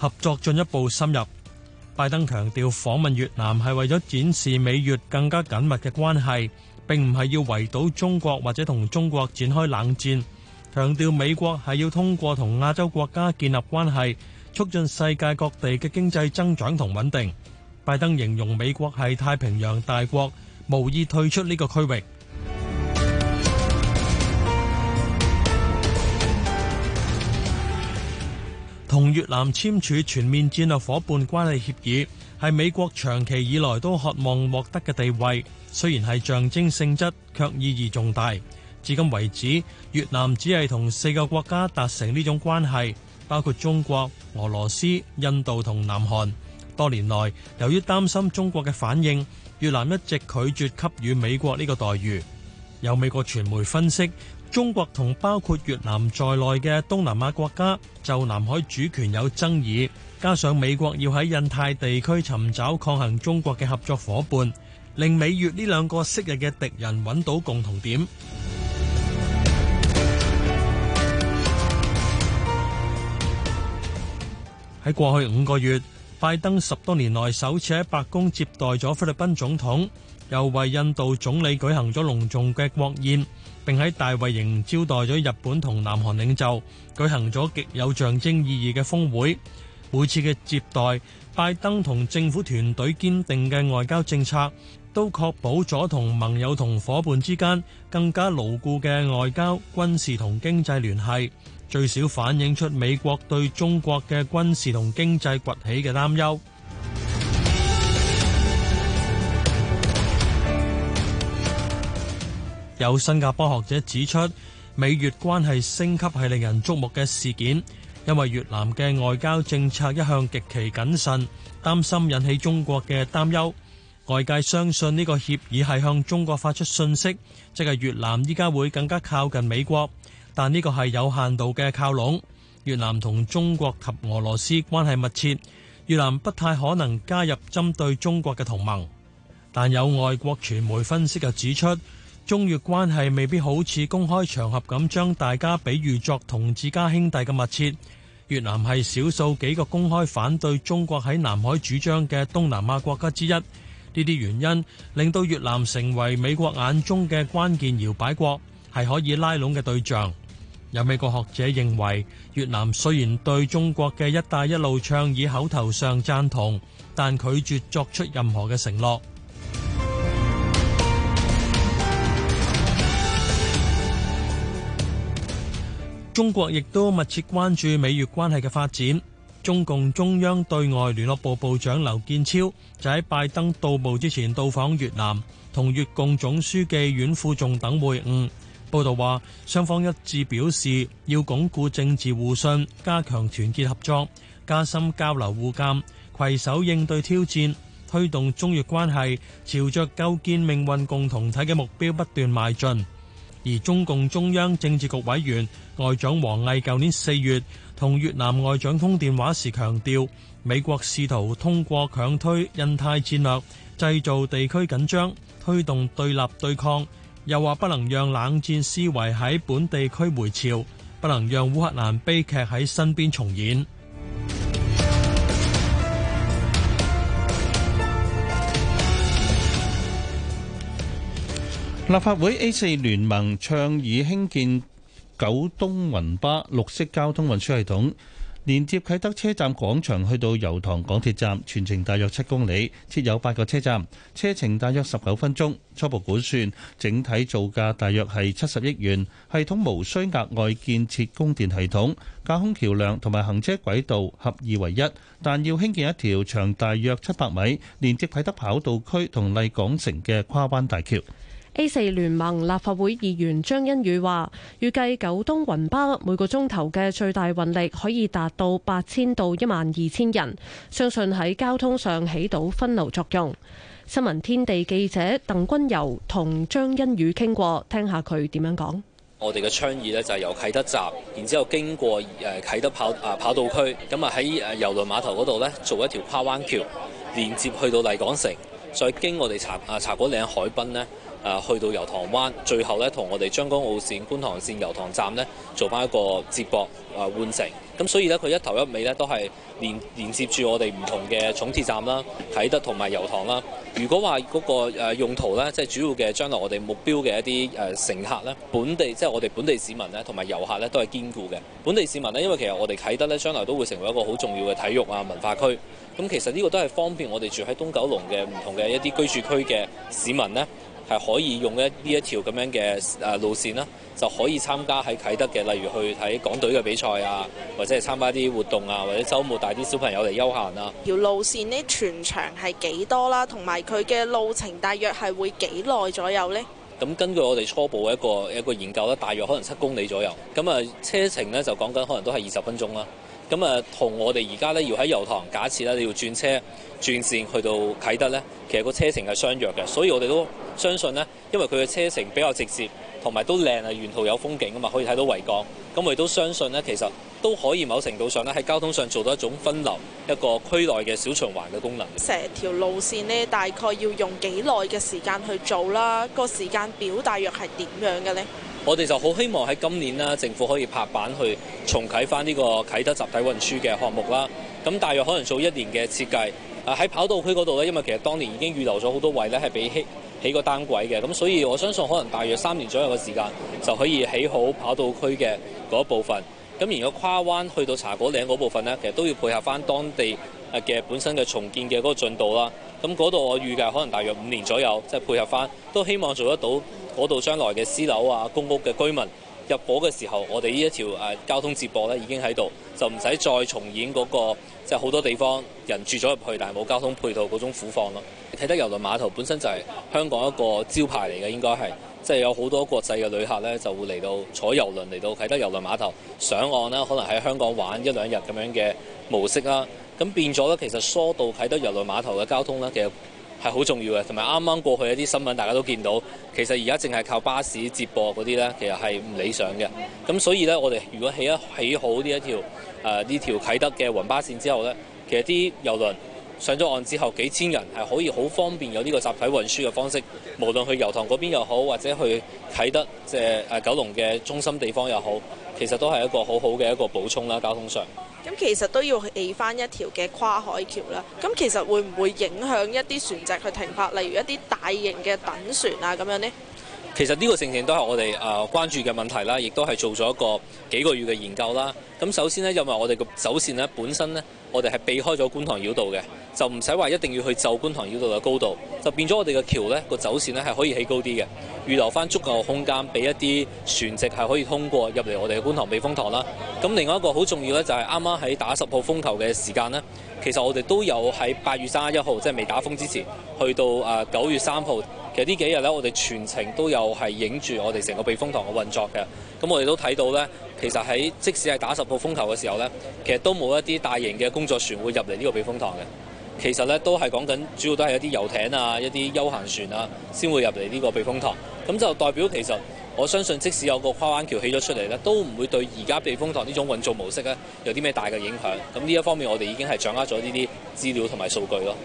合作進一步深入。拜登強調訪問越南係為咗展示美越更加緊密嘅關係，並唔係要圍堵中國或者同中國展開冷戰。強調美國係要通過同亞洲國家建立關係，促進世界各地嘅經濟增長同穩定。拜登形容美國係太平洋大國，無意退出呢個區域。同越南簽署全面戰略伙伴關係協議，係美國長期以來都渴望獲得嘅地位。雖然係象徵性質，卻意義重大。至今為止，越南只係同四個國家達成呢種關係，包括中國、俄羅斯、印度同南韓。多年來，由於擔心中國嘅反應，越南一直拒絕給予美國呢個待遇。有美國傳媒分析。中國同包括越南在內嘅東南亞國家就南海主權有爭議，加上美國要喺印太地區尋找抗衡中國嘅合作伙伴，令美越呢兩個昔日嘅敵人揾到共同點。喺過去五個月，拜登十多年來首次喺白宮接待咗菲律賓總統，又為印度總理舉行咗隆重嘅國宴 (music) 並喺大衛營招待咗日本同南韓領袖，舉行咗極有象徵意義嘅峯會。每次嘅接待，拜登同政府團隊堅定嘅外交政策，都確保咗同盟友同夥伴之間更加牢固嘅外交、軍事同經濟聯繫，最少反映出美國對中國嘅軍事同經濟崛起嘅擔憂。有新加坡學者指出，美越關係升級是令人矚目的事件，因為越南的外交政策一向極其謹慎，擔心引起中國的擔憂。外界相信這個協議是向中國發出訊息，即是越南依家會更加靠近美國，但這個是有限度的靠攏。越南同中國及俄羅斯關係密切，越南不太可能加入針對中國的同盟。但有外國傳媒分析就指出，中越關係未必好似公開場合咁將大家比喻作同自家兄弟嘅密切。越南係少數幾個公開反對中國喺南海主張嘅東南亞國家之一。呢啲原因令到越南成為美國眼中嘅關鍵搖擺國，係可以拉攏嘅對象。有美國學者認為，越南雖然對中國嘅「一帶一路」倡議口頭上贊同，但拒絕作出任何嘅承諾。中國亦都密切關注美越關係嘅發展。中共中央對外聯絡部部長劉建超就喺拜登到埗之前到訪越南，同越共總書記阮富仲等會晤。報道話，雙方一致表示要鞏固政治互信，加強團結合作，加深交流互鑒，攜手應對挑戰，推動中越關係朝着構建命運共同體嘅目標不斷邁進。而中共中央政治局委員外長王毅舊年四月同越南外長通電話時強調，美國試圖通過強推印太戰略製造地區緊張，推動對立對抗，又話不能讓冷戰思維喺本地區回潮，不能讓烏克蘭悲劇喺身邊重演。立法會 A4 聯盟倡議興建九東雲巴綠色交通運輸系統，連接啟德車站廣場去到油塘港鐵站，全程大約七公里，設有八個車站，車程大約十九分鐘。初步估算，整體造價大約係七十億元。系統無需額外建設供電系統、架空橋梁同埋行車軌道，合二為一，但要興建一條長大約七百米，連接啟德跑道區同麗港城嘅跨灣大橋。A4 聯盟立法會議員張欣宇話，預計九東雲巴每個鐘頭嘅最大運力可以達到八千到一萬二千人，相信喺交通上起到分流作用。新聞天地記者鄧君遊同張欣宇傾過，聽下佢點樣講。我哋嘅倡議呢就係由啟德站，然之後經過誒啟德跑啊跑道區，咁啊喺郵輪碼頭嗰度呢做一條跨灣橋，連接去到麗港城，再經我哋茶啊茶果嶺海濱呢。誒去到油塘灣，最後咧同我哋將軍澳線、觀塘線油塘站咧做翻一個接駁啊換乘咁，呃、成所以咧佢一頭一尾咧都係連連接住我哋唔同嘅重鐵站啦，啟德同埋油塘啦。如果話嗰個用途咧，即、就、係、是、主要嘅將來我哋目標嘅一啲誒乘客咧，本地即係、就是、我哋本地市民咧，同埋遊客咧都係兼顧嘅本地市民呢。因為其實我哋啟德咧將來都會成為一個好重要嘅體育啊文化區。咁其實呢個都係方便我哋住喺東九龍嘅唔同嘅一啲居住區嘅市民呢。係可以用一呢一條咁樣嘅誒路線啦、啊，就可以參加喺啟德嘅，例如去睇港隊嘅比賽啊，或者係參加啲活動啊，或者周末帶啲小朋友嚟休閒啊。條路線呢全長係幾多啦、啊？同埋佢嘅路程大約係會幾耐左右呢？咁根據我哋初步一個一個研究咧，大約可能七公里左右。咁啊，車程咧就講緊可能都係二十分鐘啦、啊。咁啊，同我哋而家咧要喺油塘，假設咧你要轉車轉線去到啟德咧，其實個車程係相若嘅，所以我哋都相信咧，因為佢嘅車程比較直接，同埋都靚啊，沿途有風景啊嘛，可以睇到維港。咁我哋都相信咧，其實都可以某程度上咧喺交通上做到一種分流，一個區內嘅小循環嘅功能。成條路線咧，大概要用幾耐嘅時間去做啦？個時間表大約係點樣嘅咧？我哋就好希望喺今年呢，政府可以拍板去重啟翻呢個啟德集體運輸嘅項目啦。咁大約可能做一年嘅設計，喺跑道區嗰度咧，因為其實當年已經預留咗好多位咧，係俾起個單軌嘅。咁所以我相信可能大約三年左右嘅時間就可以起好跑道區嘅嗰一部分。咁如果跨灣去到茶果嶺嗰部分咧，其實都要配合翻當地。嘅本身嘅重建嘅嗰個進度啦，咁嗰度我預計可能大約五年左右，即係配合翻都希望做得到嗰度將來嘅私樓啊、公屋嘅居民入伙嘅時候，我哋呢一條誒交通接駁咧已經喺度，就唔使再重演嗰個，即係好多地方人住咗入去，但係冇交通配套嗰種苦況咯。啟德郵輪碼頭本身就係香港一個招牌嚟嘅，應該係，即係有好多國際嘅旅客咧就會嚟到坐遊輪嚟到啟德郵輪碼頭上岸啦，可能喺香港玩一兩日咁樣嘅模式啦。咁變咗咧，其實疏導啟德郵輪碼頭嘅交通咧，其實係好重要嘅。同埋啱啱過去一啲新聞，大家都見到，其實而家淨係靠巴士接駁嗰啲咧，其實係唔理想嘅。咁所以咧，我哋如果起一起好呢一條誒呢、呃、條啟德嘅雲巴線之後咧，其實啲遊輪上咗岸之後，幾千人係可以好方便有呢個集體運輸嘅方式，無論去油塘嗰邊又好，或者去啟德即係誒九龍嘅中心地方又好，其實都係一個好好嘅一個補充啦，交通上。咁其實都要起返一條嘅跨海橋啦。咁其實會唔會影響一啲船隻去停泊，例如一啲大型嘅等船啊咁樣呢？其實呢個正正都係我哋誒、呃、關注嘅問題啦，亦都係做咗一個幾個月嘅研究啦。咁首先呢，因為我哋嘅走線呢本身呢，我哋係避開咗觀塘繞道嘅，就唔使話一定要去就觀塘繞道嘅高度，就變咗我哋嘅橋呢個走線呢係可以起高啲嘅，預留翻足夠空間俾一啲船隻係可以通過入嚟我哋嘅觀塘避風塘啦。咁另外一個好重要呢，就係啱啱喺打十號風球嘅時間呢，其實我哋都有喺八月三十一號即係、就是、未打風之前，去到誒九月三號。呢幾日咧，我哋全程都有係影住我哋成個避風塘嘅運作嘅。咁我哋都睇到咧，其實喺即使係打十號風球嘅時候咧，其實都冇一啲大型嘅工作船會入嚟呢個避風塘嘅。其實咧，都係講緊主要都係一啲遊艇啊、一啲休閒船啊先會入嚟呢個避風塘。咁就代表其實，我相信即使有個跨灣橋起咗出嚟咧，都唔會對而家避風塘呢種運作模式咧有啲咩大嘅影響。咁呢一方面，我哋已經係掌握咗呢啲資料同埋數據咯。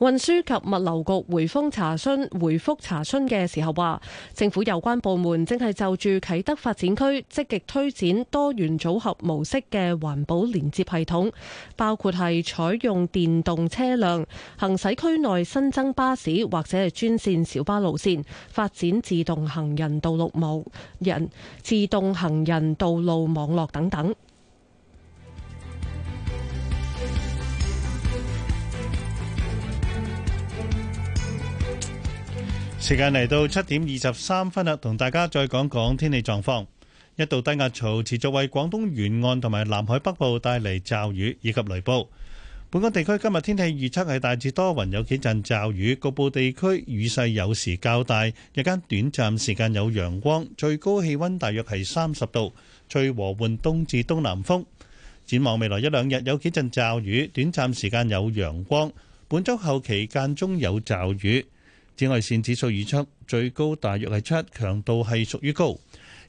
運輸及物流局回覆查詢，回覆查詢嘅時候話，政府有關部門正係就住啟德發展區積極推展多元組合模式嘅環保連接系統，包括係採用電動車輛行駛區內新增巴士或者係專線小巴路線，發展自動行人道路網人自動行人道路網絡等等。時間嚟到七點二十三分啦，同大家再講講天氣狀況。一道低壓槽持續為廣東沿岸同埋南海北部帶嚟驟雨以及雷暴。本港地區今日天氣預測係大致多雲，有幾陣驟雨，局部地區雨勢有時較大，日間短暫時間有陽光，最高氣温大約係三十度，吹和緩東至東南風。展望未來一兩日有幾陣驟雨，短暫時間有陽光。本周後期間中有驟雨。紫外線指數預測最高大約係七，強度係屬於高。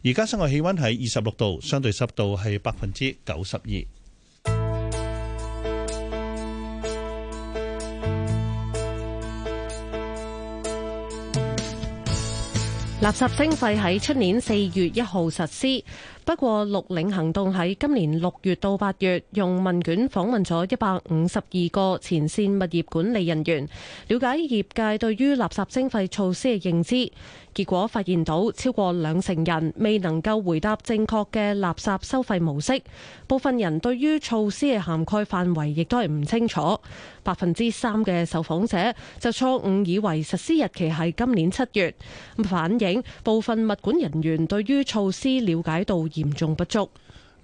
而家室外氣温係二十六度，相對濕度係百分之九十二。垃圾徵費喺出年四月一號實施。不過，綠領行動喺今年六月到八月，用問卷訪問咗一百五十二個前線物業管理人員，了解業界對於垃圾徵費措施嘅認知。結果發現到超過兩成人未能夠回答正確嘅垃圾收費模式，部分人對於措施嘅涵蓋範圍亦都係唔清楚。百分之三嘅受訪者就錯誤以為實施日期係今年七月，反映部分物管人員對於措施瞭解到嚴重不足。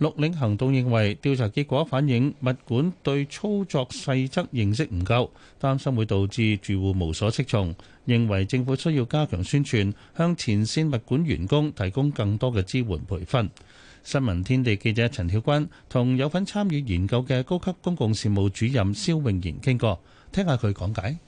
綠領行動認為調查結果反映物管對操作細則認識唔夠，擔心會導致住戶無所適從。認為政府需要加強宣傳，向前線物管員工提供更多嘅支援培訓。新聞天地記者陳曉君同有份參與研究嘅高級公共事務主任蕭穎然傾過，聽下佢講解。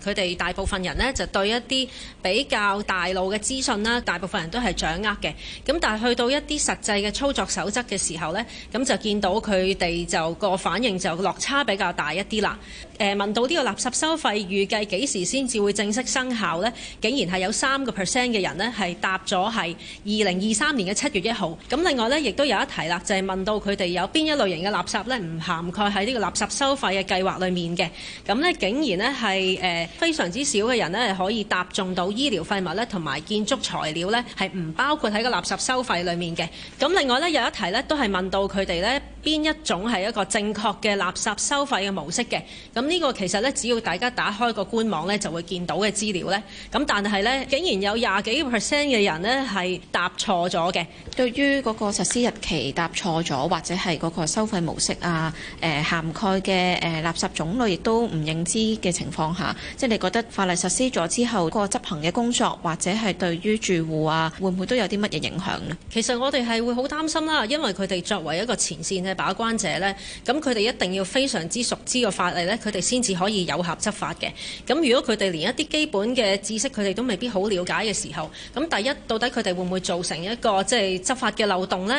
佢哋大部分人呢，就對一啲比較大路嘅資訊啦，大部分人都係掌握嘅。咁但係去到一啲實際嘅操作守則嘅時候呢，咁就見到佢哋就個反應就落差比較大一啲啦。誒、呃、問到呢個垃圾收費預計幾時先至會正式生效呢？竟然係有三個 percent 嘅人呢，係答咗係二零二三年嘅七月一號。咁另外呢，亦都有一題啦，就係、是、問到佢哋有邊一類型嘅垃圾呢？唔涵蓋喺呢個垃圾收費嘅計劃裡面嘅。咁呢，竟然呢係誒。非常之少嘅人咧，可以搭中到醫療廢物咧，同埋建築材料咧，係唔包括喺個垃圾收費裏面嘅。咁另外咧，有一題咧，都係問到佢哋咧，邊一種係一個正確嘅垃圾收費嘅模式嘅？咁呢個其實咧，只要大家打開個官網咧，就會見到嘅資料咧。咁但係咧，竟然有廿幾個 percent 嘅人咧係答錯咗嘅。對於嗰個實施日期答錯咗，或者係嗰個收費模式啊，誒、呃、涵蓋嘅誒、呃、垃圾種類亦都唔認知嘅情況下，即、就、係、是、你覺得法例實施咗之後，個執行嘅工作或者係對於住戶啊，會唔會都有啲乜嘢影響咧？其實我哋係會好擔心啦，因為佢哋作為一個前線把關者呢，咁佢哋一定要非常之熟知個法例呢，佢哋先至可以有效執法嘅。咁如果佢哋連一啲基本嘅知識，佢哋都未必好了解嘅時候，咁第一，到底佢哋會唔會造成一個即係、就是、執法嘅漏洞呢？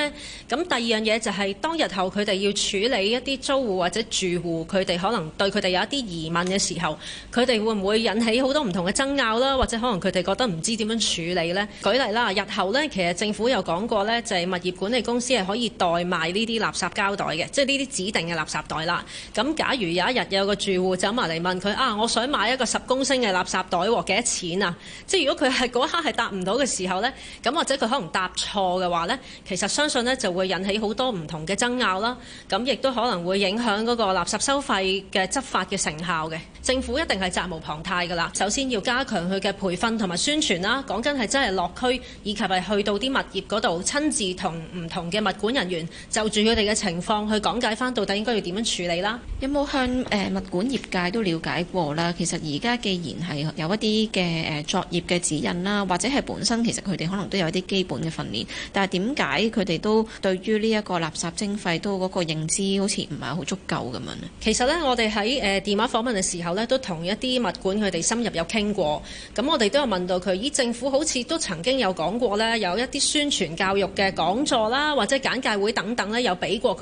咁第二樣嘢就係當日後佢哋要處理一啲租戶或者住戶，佢哋可能對佢哋有一啲疑問嘅時候，佢哋會唔會引起好多唔同嘅爭拗啦？或者可能佢哋覺得唔知點樣處理呢？舉例啦，日後呢，其實政府有講過呢，就係、是、物業管理公司係可以代賣呢啲垃圾。交代嘅，即係呢啲指定嘅垃圾袋啦。咁假如有一日有個住戶走埋嚟問佢啊，我想買一個十公升嘅垃圾袋喎，幾多錢啊？即係如果佢係嗰刻係答唔到嘅時候咧，咁或者佢可能答錯嘅話咧，其實相信咧就會引起好多唔同嘅爭拗啦。咁亦都可能會影響嗰個垃圾收費嘅執法嘅成效嘅。政府一定係責無旁貸噶啦。首先要加強佢嘅培訓同埋宣傳啦，講緊係真係落區以及係去到啲物業嗰度親自同唔同嘅物管人員就住佢哋嘅情況去講解翻到底應該要點樣處理啦？有冇向誒、呃、物管業界都了解過啦？其實而家既然係有一啲嘅誒作業嘅指引啦，或者係本身其實佢哋可能都有啲基本嘅訓練，但係點解佢哋都對於呢一個垃圾徵費都嗰個認知好似唔係好足夠咁樣咧？其實呢，我哋喺誒電話訪問嘅時候呢，都同一啲物管佢哋深入有傾過。咁我哋都有問到佢，依政府好似都曾經有講過啦，有一啲宣傳教育嘅講座啦，或者簡介會等等呢，有俾過。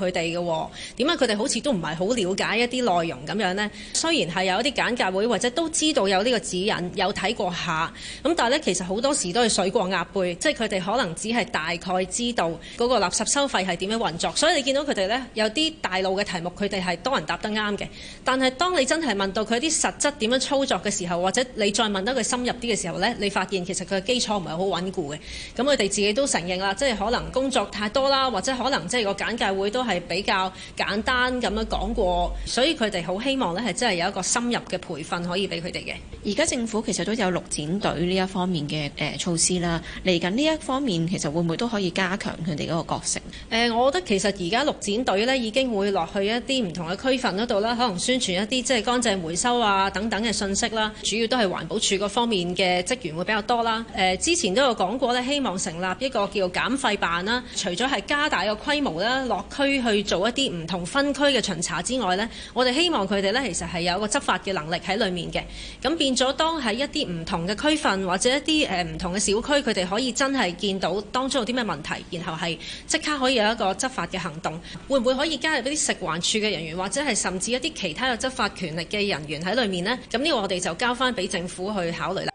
佢哋嘅點解佢哋好似都唔係好了解一啲內容咁樣咧？雖然係有一啲簡介會或者都知道有呢個指引，有睇過下咁，但係咧，其實好多時都係水過鴨背，即係佢哋可能只係大概知道嗰個垃圾收費係點樣運作。所以你見到佢哋咧，有啲大路嘅題目，佢哋係多人答得啱嘅。但係當你真係問到佢啲實質點樣操作嘅時候，或者你再問得佢深入啲嘅時候咧，你發現其實佢嘅基礎唔係好穩固嘅。咁佢哋自己都承認啦，即係可能工作太多啦，或者可能即係個簡介會都係比較簡單咁樣講過，所以佢哋好希望呢係真係有一個深入嘅培訓可以俾佢哋嘅。而家政府其實都有綠展隊呢一方面嘅誒措施啦，嚟緊呢一方面其實會唔會都可以加強佢哋嗰個角色？誒、呃，我覺得其實而家綠展隊呢已經會落去一啲唔同嘅區份嗰度啦，可能宣傳一啲即係乾淨回收啊等等嘅信息啦。主要都係環保署嗰方面嘅職員會比較多啦。誒、呃，之前都有講過呢，希望成立一個叫減廢辦啦，除咗係加大個規模啦，落區。去做一啲唔同分區嘅巡查之外咧，我哋希望佢哋咧，其實係有一個執法嘅能力喺裏面嘅。咁變咗，當喺一啲唔同嘅區份或者一啲誒唔同嘅小區，佢哋可以真係見到當中有啲咩問題，然後係即刻可以有一個執法嘅行動，會唔會可以加入一啲食環署嘅人員或者係甚至一啲其他有執法權力嘅人員喺裏面咧？咁呢個我哋就交翻俾政府去考慮啦。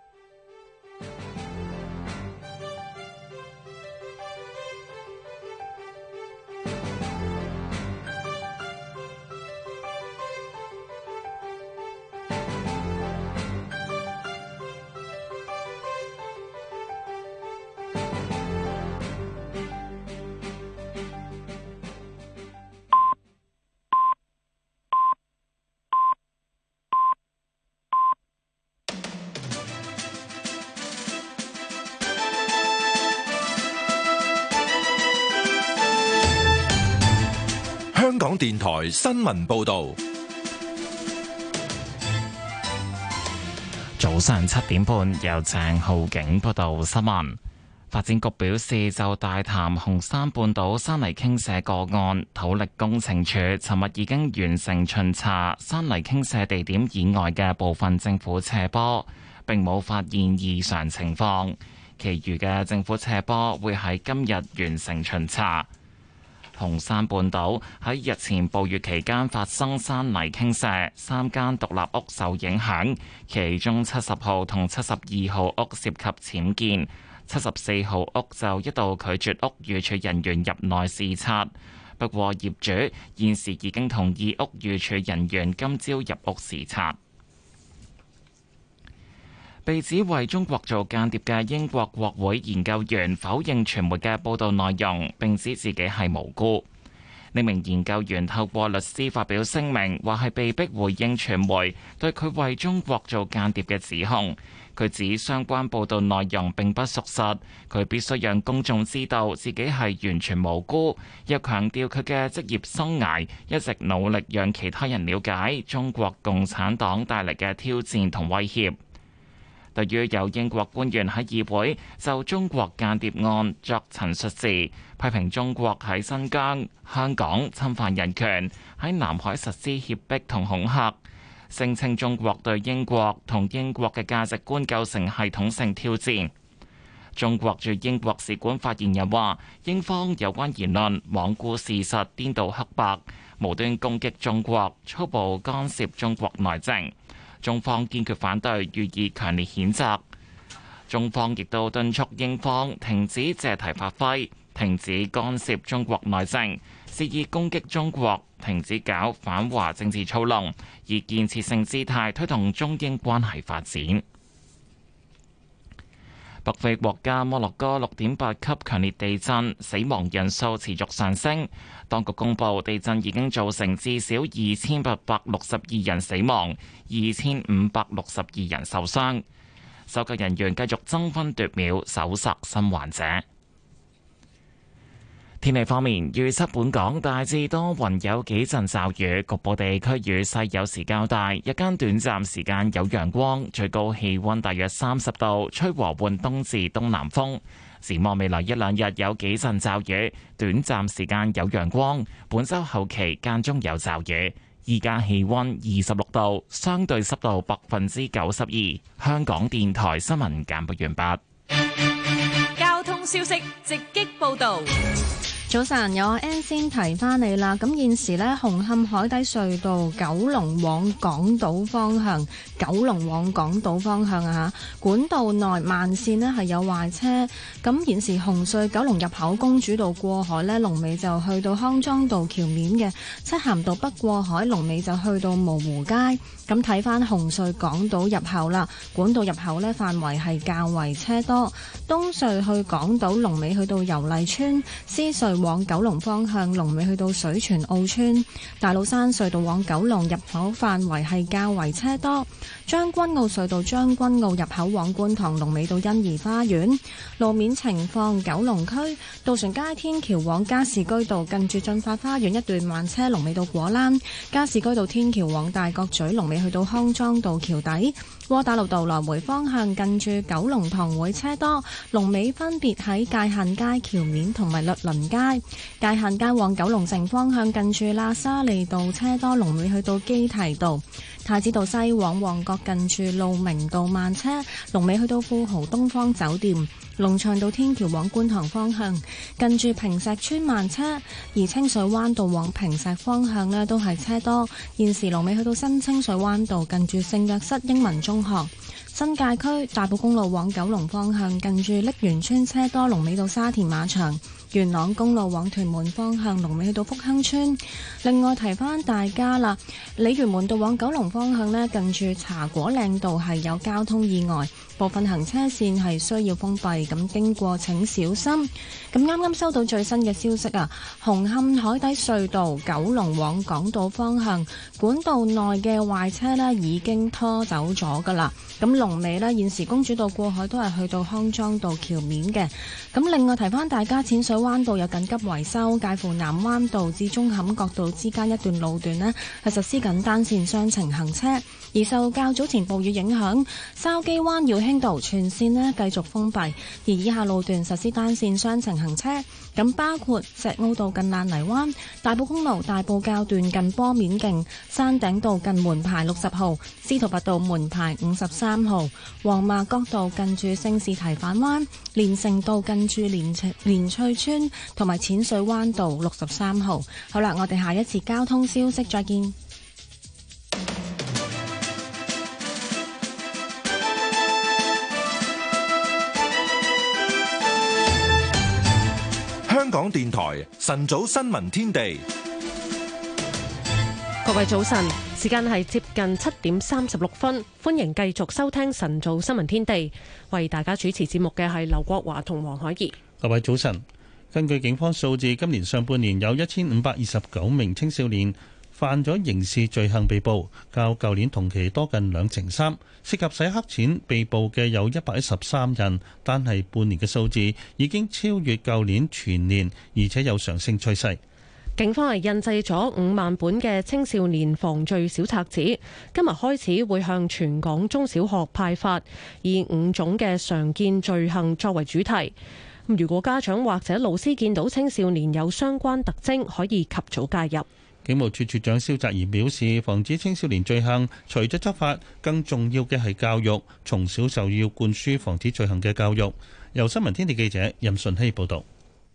電台新聞報道：早上七點半，由鄭浩景報道新聞。發展局表示，就大潭紅山半島山泥傾瀉個案，土力工程處尋日已經完成巡查，山泥傾瀉地點以外嘅部分政府斜坡，並冇發現異常情況。其餘嘅政府斜坡會喺今日完成巡查。紅山半島喺日前暴雨期間發生山泥傾瀉，三間獨立屋受影響，其中七十號同七十二號屋涉及僭建，七十四號屋就一度拒絕屋宇署人員入內視察，不過業主現時已經同意屋宇署人員今朝入屋視察。被指為中國做間諜嘅英國國會研究員否認傳媒嘅報道內容，並指自己係無辜。呢名研究員透過律師發表聲明，話係被逼回應傳媒對佢為中國做間諜嘅指控。佢指相關報道內容並不屬實，佢必須讓公眾知道自己係完全無辜。又強調佢嘅職業生涯一直努力讓其他人了解中國共產黨帶嚟嘅挑戰同威脅。對於有英國官員喺議會就中國間諜案作陳述時，批評中國喺新疆、香港侵犯人權，喺南海實施脅迫同恐嚇，聲稱中國對英國同英國嘅價值觀構成系統性挑戰。中國駐英國使館發言人話：英方有關言論罔顧事實，顛倒黑白，無端攻擊中國，粗暴干涉中國內政。中方堅決反對，予以強烈譴責。中方亦都敦促英方停止借題發揮，停止干涉中國內政，肆意攻擊中國，停止搞反華政治操弄，以建設性姿態推動中英關係發展。北非國家摩洛哥六點八級強烈地震，死亡人數持續上升。當局公布，地震已經造成至少二千八百六十二人死亡，二千五百六十二人受傷。搜救人員繼續爭分奪秒搜尋生還者。天氣方面，預測本港大致多雲，有幾陣驟雨，局部地區雨勢有時較大。日間短暫時間有陽光，最高氣温大約三十度，吹和緩東至東南風。展望未來一兩日有幾陣驟雨，短暫時間有陽光。本周後期間中有驟雨。而家氣温二十六度，相對濕度百分之九十二。香港電台新聞簡報完畢。交通消息直擊報道。早晨，有阿 Ann 先提翻你啦。咁現時呢，紅磡海底隧道九龍往港島方向，九龍往港島方向啊吓，管道內慢線呢係有壞車。咁現時紅隧九龍入口公主道過海呢，龍尾就去到康莊道橋面嘅；漆咸道北過海龍尾就去到蕪湖街。咁睇翻紅隧港島入口啦，管道入口呢範圍係較為車多。東隧去港島龍尾去到油麗村，西隧往九龍方向龍尾去到水泉澳村。大老山隧道往九龍入口範圍係較為車多。將軍澳隧道將軍澳入口往觀塘龍尾到欣怡花園。路面情況，九龍區渡船街天橋往加士居道近住進發花園一段慢車龍尾到果欄，加士居道天橋往大角咀龍尾，去到康莊道橋底，窩打老道來回方向近住九龍塘會車多，龍尾分別喺界限街橋面同埋律倫街。界限街往九龍城方向近住喇沙利道車多，龍尾去到基堤道。太子道西往旺角近住路明道慢車，龍尾去到富豪東方酒店。龍翔道天橋往觀塘方向近住坪石村慢車，而清水灣道往坪石方向咧都係車多。現時龍尾去到新清水灣道近住聖若瑟英文中學。新界區大埔公路往九龍方向近住瀝源村車多，龍尾到沙田馬場。元朗公路往屯門方向，龍尾去到福亨村。另外提返大家啦，鯉魚門道往九龍方向呢，近住茶果嶺道係有交通意外，部分行車線係需要封閉，咁經過請小心。咁啱啱收到最新嘅消息，紅磡海底隧道九龍往港島方向，管道內嘅壞車呢，已經拖走咗㗎啦。咁龍尾呢，現時，公主道過海都係去到康莊道橋面嘅。咁另外提返大家淺水灣道有緊急維修，介乎南灣道至舂坎角道之間一段路段呢，係實施緊單線雙程行車。而受較早前暴雨影響，筲箕灣耀興道全線咧繼續封閉，而以下路段實施單線雙程行車，咁包括石澳道近爛泥灣、大埔公路大埔滘段近波面徑、山頂道近門牌六十號、司徒拔道門牌五十三號、黃麻角道近住聖士提反灣、連城道近住連連翠村同埋淺水灣道六十三號。好啦，我哋下一次交通消息，再見。港電台晨早新聞天地，各位早晨，時間係接近七點三十六分，歡迎繼續收聽晨早新聞天地。為大家主持節目嘅係劉國華同黃海怡。各位早晨，根據警方數字，今年上半年有一千五百二十九名青少年犯咗刑事罪行被捕，較舊年同期多近兩成三。涉及洗黑錢被捕嘅有一百一十三人，但係半年嘅數字已經超越舊年全年，而且有上升趨勢，警方係印製咗五萬本嘅青少年防罪小冊子，今日開始會向全港中小學派發，以五種嘅常見罪行作為主題，如果家長或者老師見到青少年有相關特徵，可以及早介入。警務處處長蕭澤頤表示，防止青少年罪行，除咗執法，更重要嘅係教育，從小就要灌輸防止罪行嘅教育。由新聞天地記者任順熙報道。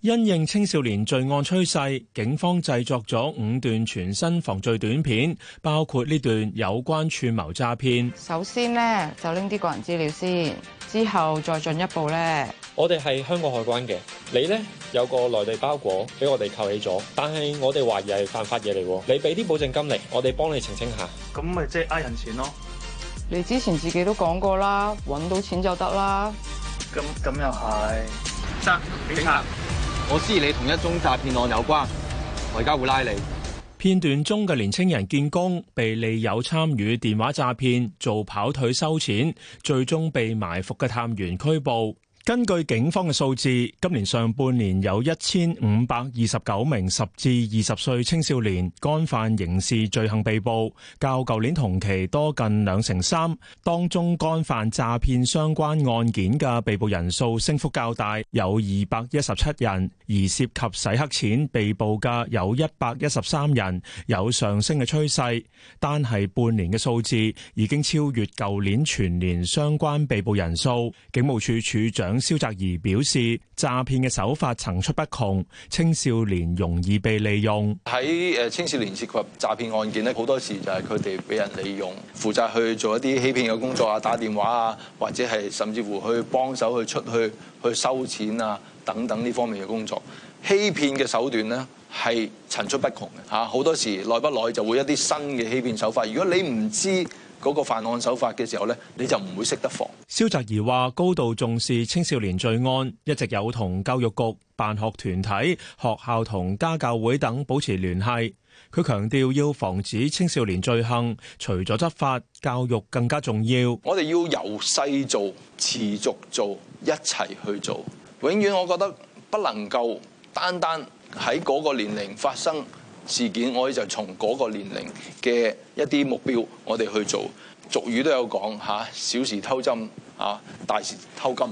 因應青少年罪案趨勢，警方製作咗五段全新防罪短片，包括呢段有關串謀詐騙。首先呢，就拎啲個人資料先，之後再進一步呢。我哋係香港海關嘅，你呢，有個內地包裹俾我哋扣起咗，但係我哋懷疑係犯法嘢嚟。你俾啲保證金嚟，我哋幫你澄清下。咁咪即係呃人錢咯？你之前自己都講過啦，搵到錢就得啦。咁咁又係。警察，警察，我知你同一宗詐騙案有關，我而家會拉你。片段中嘅年青人見工，被利誘參與電話詐騙，做跑腿收錢，最終被埋伏嘅探員拘捕。根據警方嘅數字，今年上半年有一千五百二十九名十至二十歲青少年干犯刑事罪行被捕，較舊年同期多近兩成三。當中干犯詐騙相關案件嘅被捕人數升幅較大，有二百一十七人，而涉及洗黑錢被捕嘅有一百一十三人，有上升嘅趨勢。單係半年嘅數字已經超越舊年全年相關被捕人數。警務處處長。蕭澤頤表示，詐騙嘅手法層出不窮，青少年容易被利用。喺誒青少年涉及詐騙案件咧，好多時就係佢哋俾人利用，負責去做一啲欺騙嘅工作啊，打電話啊，或者係甚至乎去幫手去出去去收錢啊等等呢方面嘅工作。欺騙嘅手段咧係層出不窮嘅吓，好多時耐不耐就會有一啲新嘅欺騙手法。如果你唔知，嗰個犯案手法嘅時候呢，你就唔會識得防。蕭澤頤話：高度重視青少年罪案，一直有同教育局、辦學團體、學校同家教會等保持聯繫。佢強調要防止青少年罪行，除咗執法，教育更加重要。我哋要由細做，持續做，一齊去做。永遠我覺得不能夠單單喺嗰個年齡發生。事件，我哋就從嗰個年齡嘅一啲目標，我哋去做。俗語都有講嚇，小時偷針啊大時偷金。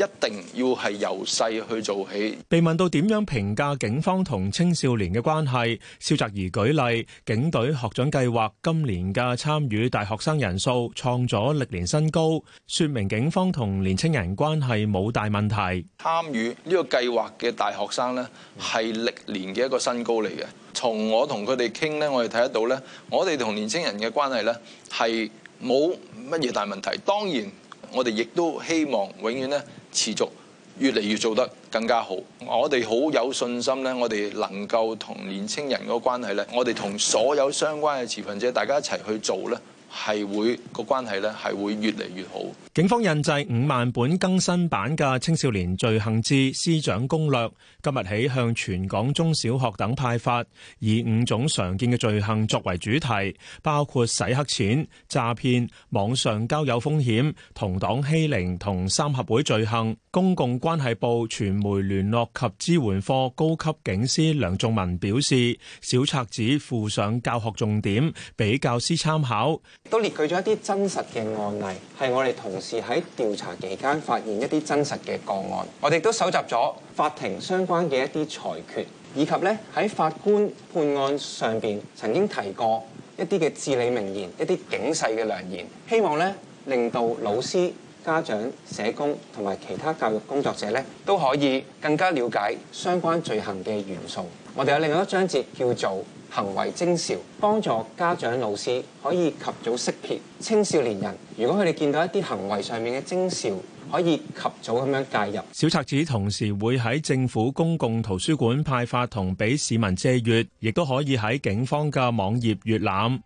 一定要係由細去做起。被問到點樣評價警方同青少年嘅關係，蕭澤頤舉例，警隊學長計劃今年嘅參與大學生人數創咗歷年新高，說明警方同年青人關係冇大問題，參與呢個計劃嘅大學生咧，係歷年嘅一個新高嚟嘅。從我同佢哋傾咧，我哋睇得到咧，我哋同年青人嘅關係咧係冇乜嘢大問題，當然。我哋亦都希望永遠咧持續越嚟越做得更加好。我哋好有信心咧，我哋能夠同年青人嘅關係咧，我哋同所有相關嘅持份者大家一齊去做咧。係會個關係咧，係會越嚟越好。警方印製五萬本更新版嘅青少年罪行之師長攻略，今日起向全港中小學等派發，以五種常見嘅罪行作為主題，包括洗黑錢、詐騙、網上交友風險、同黨欺凌、同三合會罪行。公共關係部傳媒聯絡及支援科高級警司梁仲文表示，小冊子附上教學重點，俾教師參考。都列舉咗一啲真實嘅案例，係我哋同事喺調查期間發現一啲真實嘅個案。我哋都搜集咗法庭相關嘅一啲裁決，以及咧喺法官判案上邊曾經提過一啲嘅至理名言、一啲警世嘅良言，希望咧令到老師、家長、社工同埋其他教育工作者咧都可以更加了解相關罪行嘅元素。我哋有另外一章節叫做行為徵兆，幫助家長老師可以及早識別青少年人。如果佢哋見到一啲行為上面嘅徵兆，可以及早咁樣介入。小冊子同時會喺政府公共圖書館派發同俾市民借閲，亦都可以喺警方嘅網頁閲覽。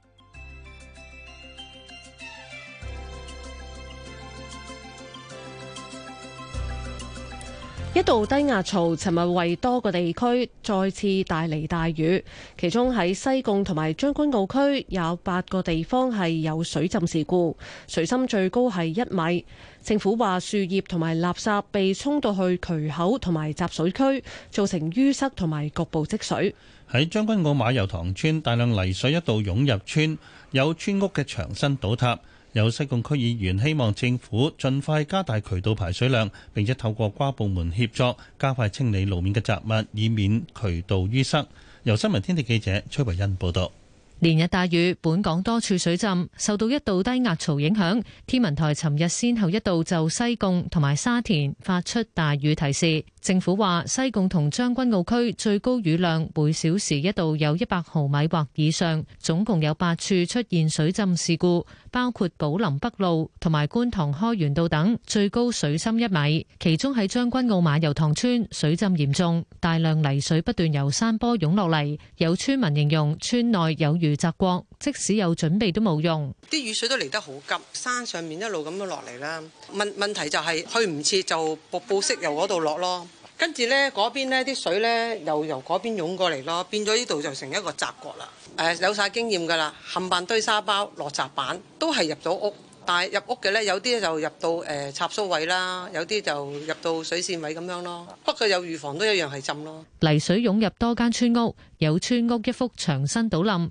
一道低壓槽，尋日為多個地區再次帶嚟大雨，其中喺西貢同埋將軍澳區有八個地方係有水浸事故，水深最高係一米。政府話樹葉同埋垃圾被沖到去渠口同埋集水區，造成淤塞同埋局部積水。喺將軍澳馬遊塘村，大量泥水一度湧入村，有村屋嘅牆身倒塌。有西貢區議員希望政府盡快加大渠道排水量，並且透過跨部門協作加快清理路面嘅雜物，以免渠道淤塞。由新聞天地記者崔慧欣報道。連日大雨，本港多處水浸，受到一度低壓槽影響，天文台尋日先後一度就西貢同埋沙田發出大雨提示。政府話，西貢同將軍澳區最高雨量每小時一度有一百毫米或以上，總共有八處出現水浸事故，包括寶林北路同埋觀塘開源道等，最高水深一米。其中喺將軍澳馬游塘村水浸嚴重，大量泥水不斷由山坡湧落嚟，有村民形容村內有如澤國。即使有準備都冇用，啲雨水都嚟得好急，山上面一路咁樣落嚟啦。問問題就係去唔切就瀑布式由嗰度落咯，跟住咧嗰邊咧啲水咧又由嗰邊湧過嚟咯，變咗呢度就成一個澤國啦。誒有曬經驗㗎啦，冚唪唥堆沙包、落閘板都係入咗屋，但係入屋嘅咧有啲就入到誒插蘇位啦，有啲就入到水線位咁樣咯。不過有預防都一樣係浸咯。泥水湧入多間村屋，有村屋一幅牆身倒冧。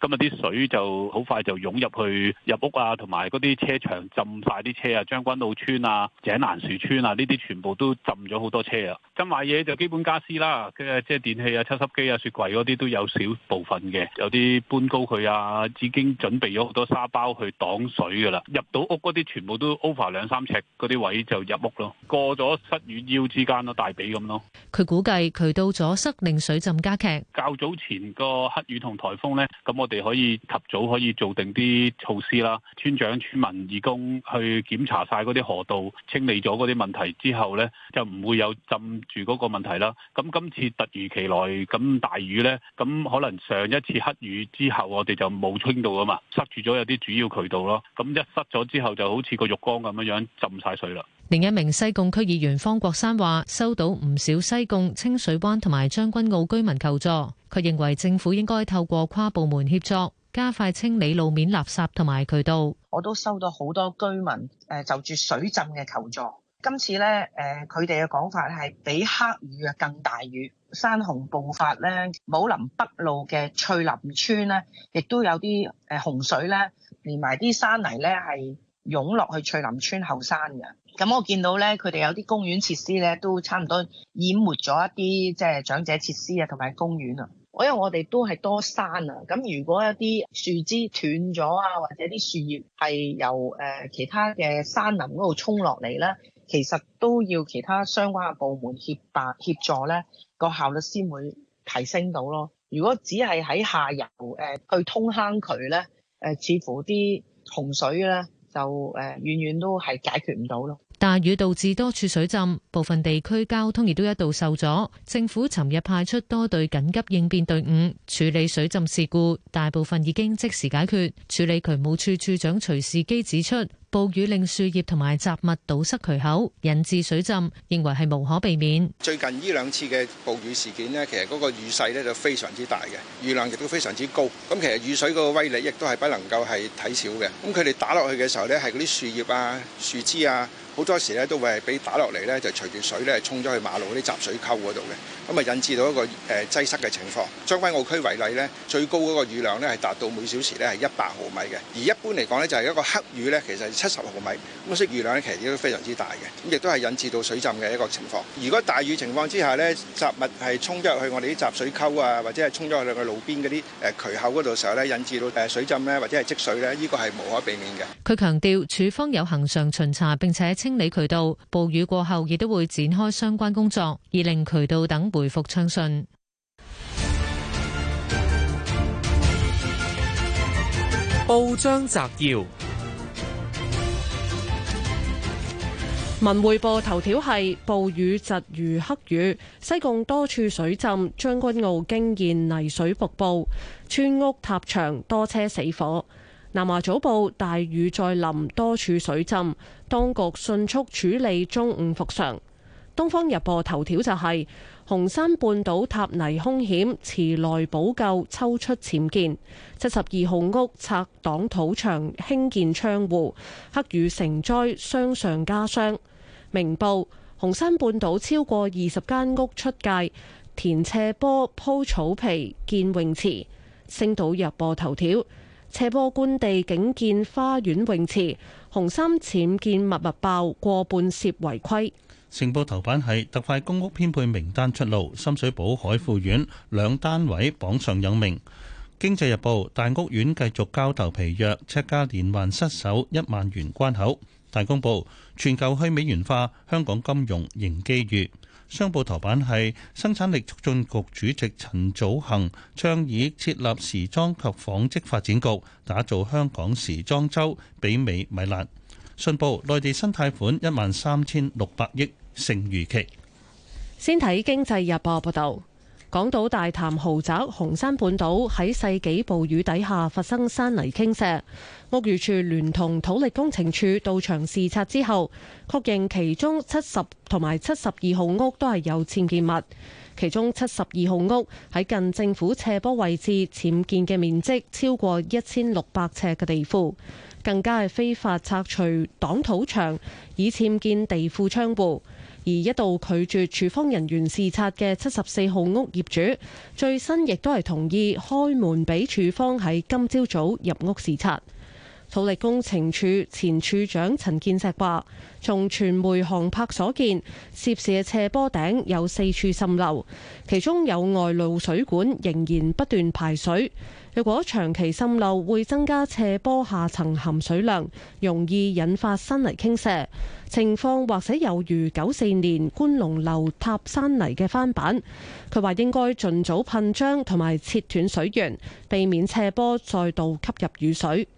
今日啲水就好快就湧入去入屋啊，同埋嗰啲車場浸晒啲車啊，將軍澳村啊、井欄樹村啊，呢啲全部都浸咗好多車啊！浸埋嘢就基本家私啦，嘅即係電器啊、抽濕機啊、雪櫃嗰啲都有少部分嘅，有啲搬高佢啊，已經準備咗好多沙包去擋水噶啦。入到屋嗰啲全部都 over 兩三尺嗰啲位就入屋咯，過咗膝與腰之間咯，大髀咁咯。佢估計渠道阻塞，令水浸加劇，較早前個黑雨同台風咧。咁我哋可以及早可以做定啲措施啦，村長、村民、義工去檢查晒嗰啲河道，清理咗嗰啲問題之後呢，就唔會有浸住嗰個問題啦。咁今次突如其來咁大雨呢，咁可能上一次黑雨之後，我哋就冇清到啊嘛，塞住咗有啲主要渠道咯。咁一塞咗之後，就好似個浴缸咁樣樣浸晒水啦。另一名西貢區議員方國山話：收到唔少西貢清水灣同埋將軍澳居民求助。佢認為政府應該透過跨部門協作，加快清理路面垃圾同埋渠道。我都收到好多居民誒就住水浸嘅求助。今次咧誒，佢哋嘅講法係比黑雨啊更大雨，山洪暴發咧。武林北路嘅翠林村咧，亦都有啲誒洪水咧，連埋啲山泥咧係湧落去翠林村後山嘅。咁我見到咧，佢哋有啲公園設施咧都差唔多淹沒咗一啲，即係長者設施啊同埋公園啊。因為我哋都係多山啊，咁如果一啲樹枝斷咗啊，或者啲樹葉係由誒其他嘅山林嗰度沖落嚟咧，其實都要其他相關嘅部門協辦協助咧，個效率先會提升到咯。如果只係喺下游誒、呃、去通坑渠咧，誒、呃、似乎啲洪水咧就誒遠遠都係解決唔到咯。大雨導致多處水浸，部分地區交通亦都一度受阻。政府尋日派出多隊緊急應變隊伍處理水浸事故，大部分已經即時解決。處理渠務處處長徐仕基指出，暴雨令樹葉同埋雜物堵塞渠口，引致水浸，認為係無可避免。最近呢兩次嘅暴雨事件呢，其實嗰個雨勢呢就非常之大嘅，雨量亦都非常之高。咁其實雨水嗰個威力亦都係不能夠係睇小嘅。咁佢哋打落去嘅時候呢，係嗰啲樹葉啊、樹枝啊。好多時咧都會係俾打落嚟咧，就隨住水咧沖咗去馬路嗰啲雜水溝嗰度嘅。咁啊，引致到一個誒擠塞嘅情況。將軍澳區為例咧，最高嗰個雨量咧係達到每小時咧係一百毫米嘅。而一般嚟講咧就係一個黑雨咧，其實係七十毫米咁嘅雨量咧其實亦都非常之大嘅。咁亦都係引致到水浸嘅一個情況。如果大雨情況之下呢，雜物係沖咗入去我哋啲集水溝啊，或者係沖咗去路邊嗰啲誒渠口嗰度時候咧，引致到誒水浸咧，或者係積水呢，呢個係無可避免嘅。佢強調，處方有恆常巡查並且清理渠道，暴雨過後亦都會展開相關工作，而令渠道等。回復暢信報章摘要：文匯報頭條係暴雨疾如黑雨，西貢多處水浸，將軍澳驚現泥水瀑布，村屋塌牆，多車死火。南華早報大雨再臨，多處水浸，當局迅速處理，中午復常。東方日報頭條就係、是。紅山半島塌泥兇險，池內補救抽出僭建，七十二號屋拆擋土牆，興建窗戶，黑雨成災，傷上加傷。明報：紅山半島超過二十間屋出界，填斜坡鋪草皮建泳池。星島日報頭條：斜坡官地僭建花園泳池，紅山僭建密密爆，過半涉違規。成報頭版係特快公屋編配名單出爐，深水埗海富苑兩單位榜上有名。經濟日報，大屋苑繼續交投疲弱，呎價連環失守一萬元關口。大公報，全球去美元化，香港金融迎機遇。商報頭版係生產力促進局主席陳祖恒倡議設立時裝及紡織發展局，打造香港時裝周，媲美米蘭。信報：內地新貸款一萬三千六百億勝預期。先睇經濟日報報導，港島大潭豪宅紅山半島喺世紀暴雨底下發生山泥傾瀉，屋宇署聯同土力工程處到場視察之後，確認其中七十同埋七十二號屋都係有僭建物，其中七十二號屋喺近政府斜坡位置，僭建嘅面積超過一千六百尺嘅地庫。更加係非法拆除擋土牆，以僭建地庫窗戶，而一度拒絕處方人員視察嘅七十四號屋業主，最新亦都係同意開門俾處方喺今朝早入屋視察。土力工程處前處長陳建石話，從傳媒航拍所見，涉事嘅斜坡頂有四處滲漏，其中有外露水管仍然不斷排水。若果長期滲漏，會增加斜坡下層含水量，容易引發山泥傾瀉情況，或者有如九四年觀龍樓塌山泥嘅翻版。佢話應該盡早噴漿同埋切斷水源，避免斜坡再度吸入雨水。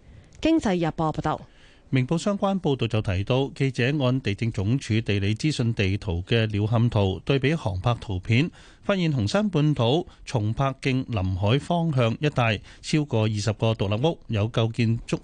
經濟日報報道，明報相關報道就提到，記者按地政總署地理資訊地圖嘅鳥瞰圖對比航拍圖片，發現紅山半島松柏徑臨海方向一帶超過二十個獨立屋有舊建築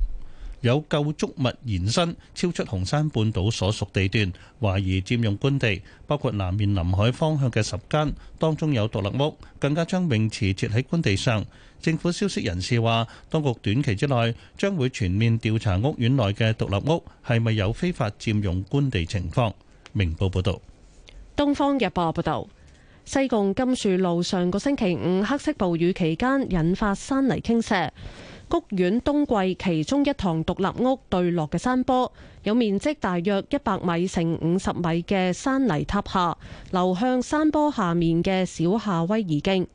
有舊築物延伸超出紅山半島所屬地段，懷疑佔用官地，包括南面臨海方向嘅十間當中有獨立屋，更加將泳池設喺官地上。政府消息人士話，當局短期之內將會全面調查屋苑內嘅獨立屋係咪有非法佔用官地情況。明報報道：東方日報報道，西貢金樹路上個星期五黑色暴雨期間引發山泥傾瀉，谷苑冬季其中一幢獨立屋對落嘅山坡，有面積大約一百米乘五十米嘅山泥塌下，流向山坡下面嘅小夏威夷徑。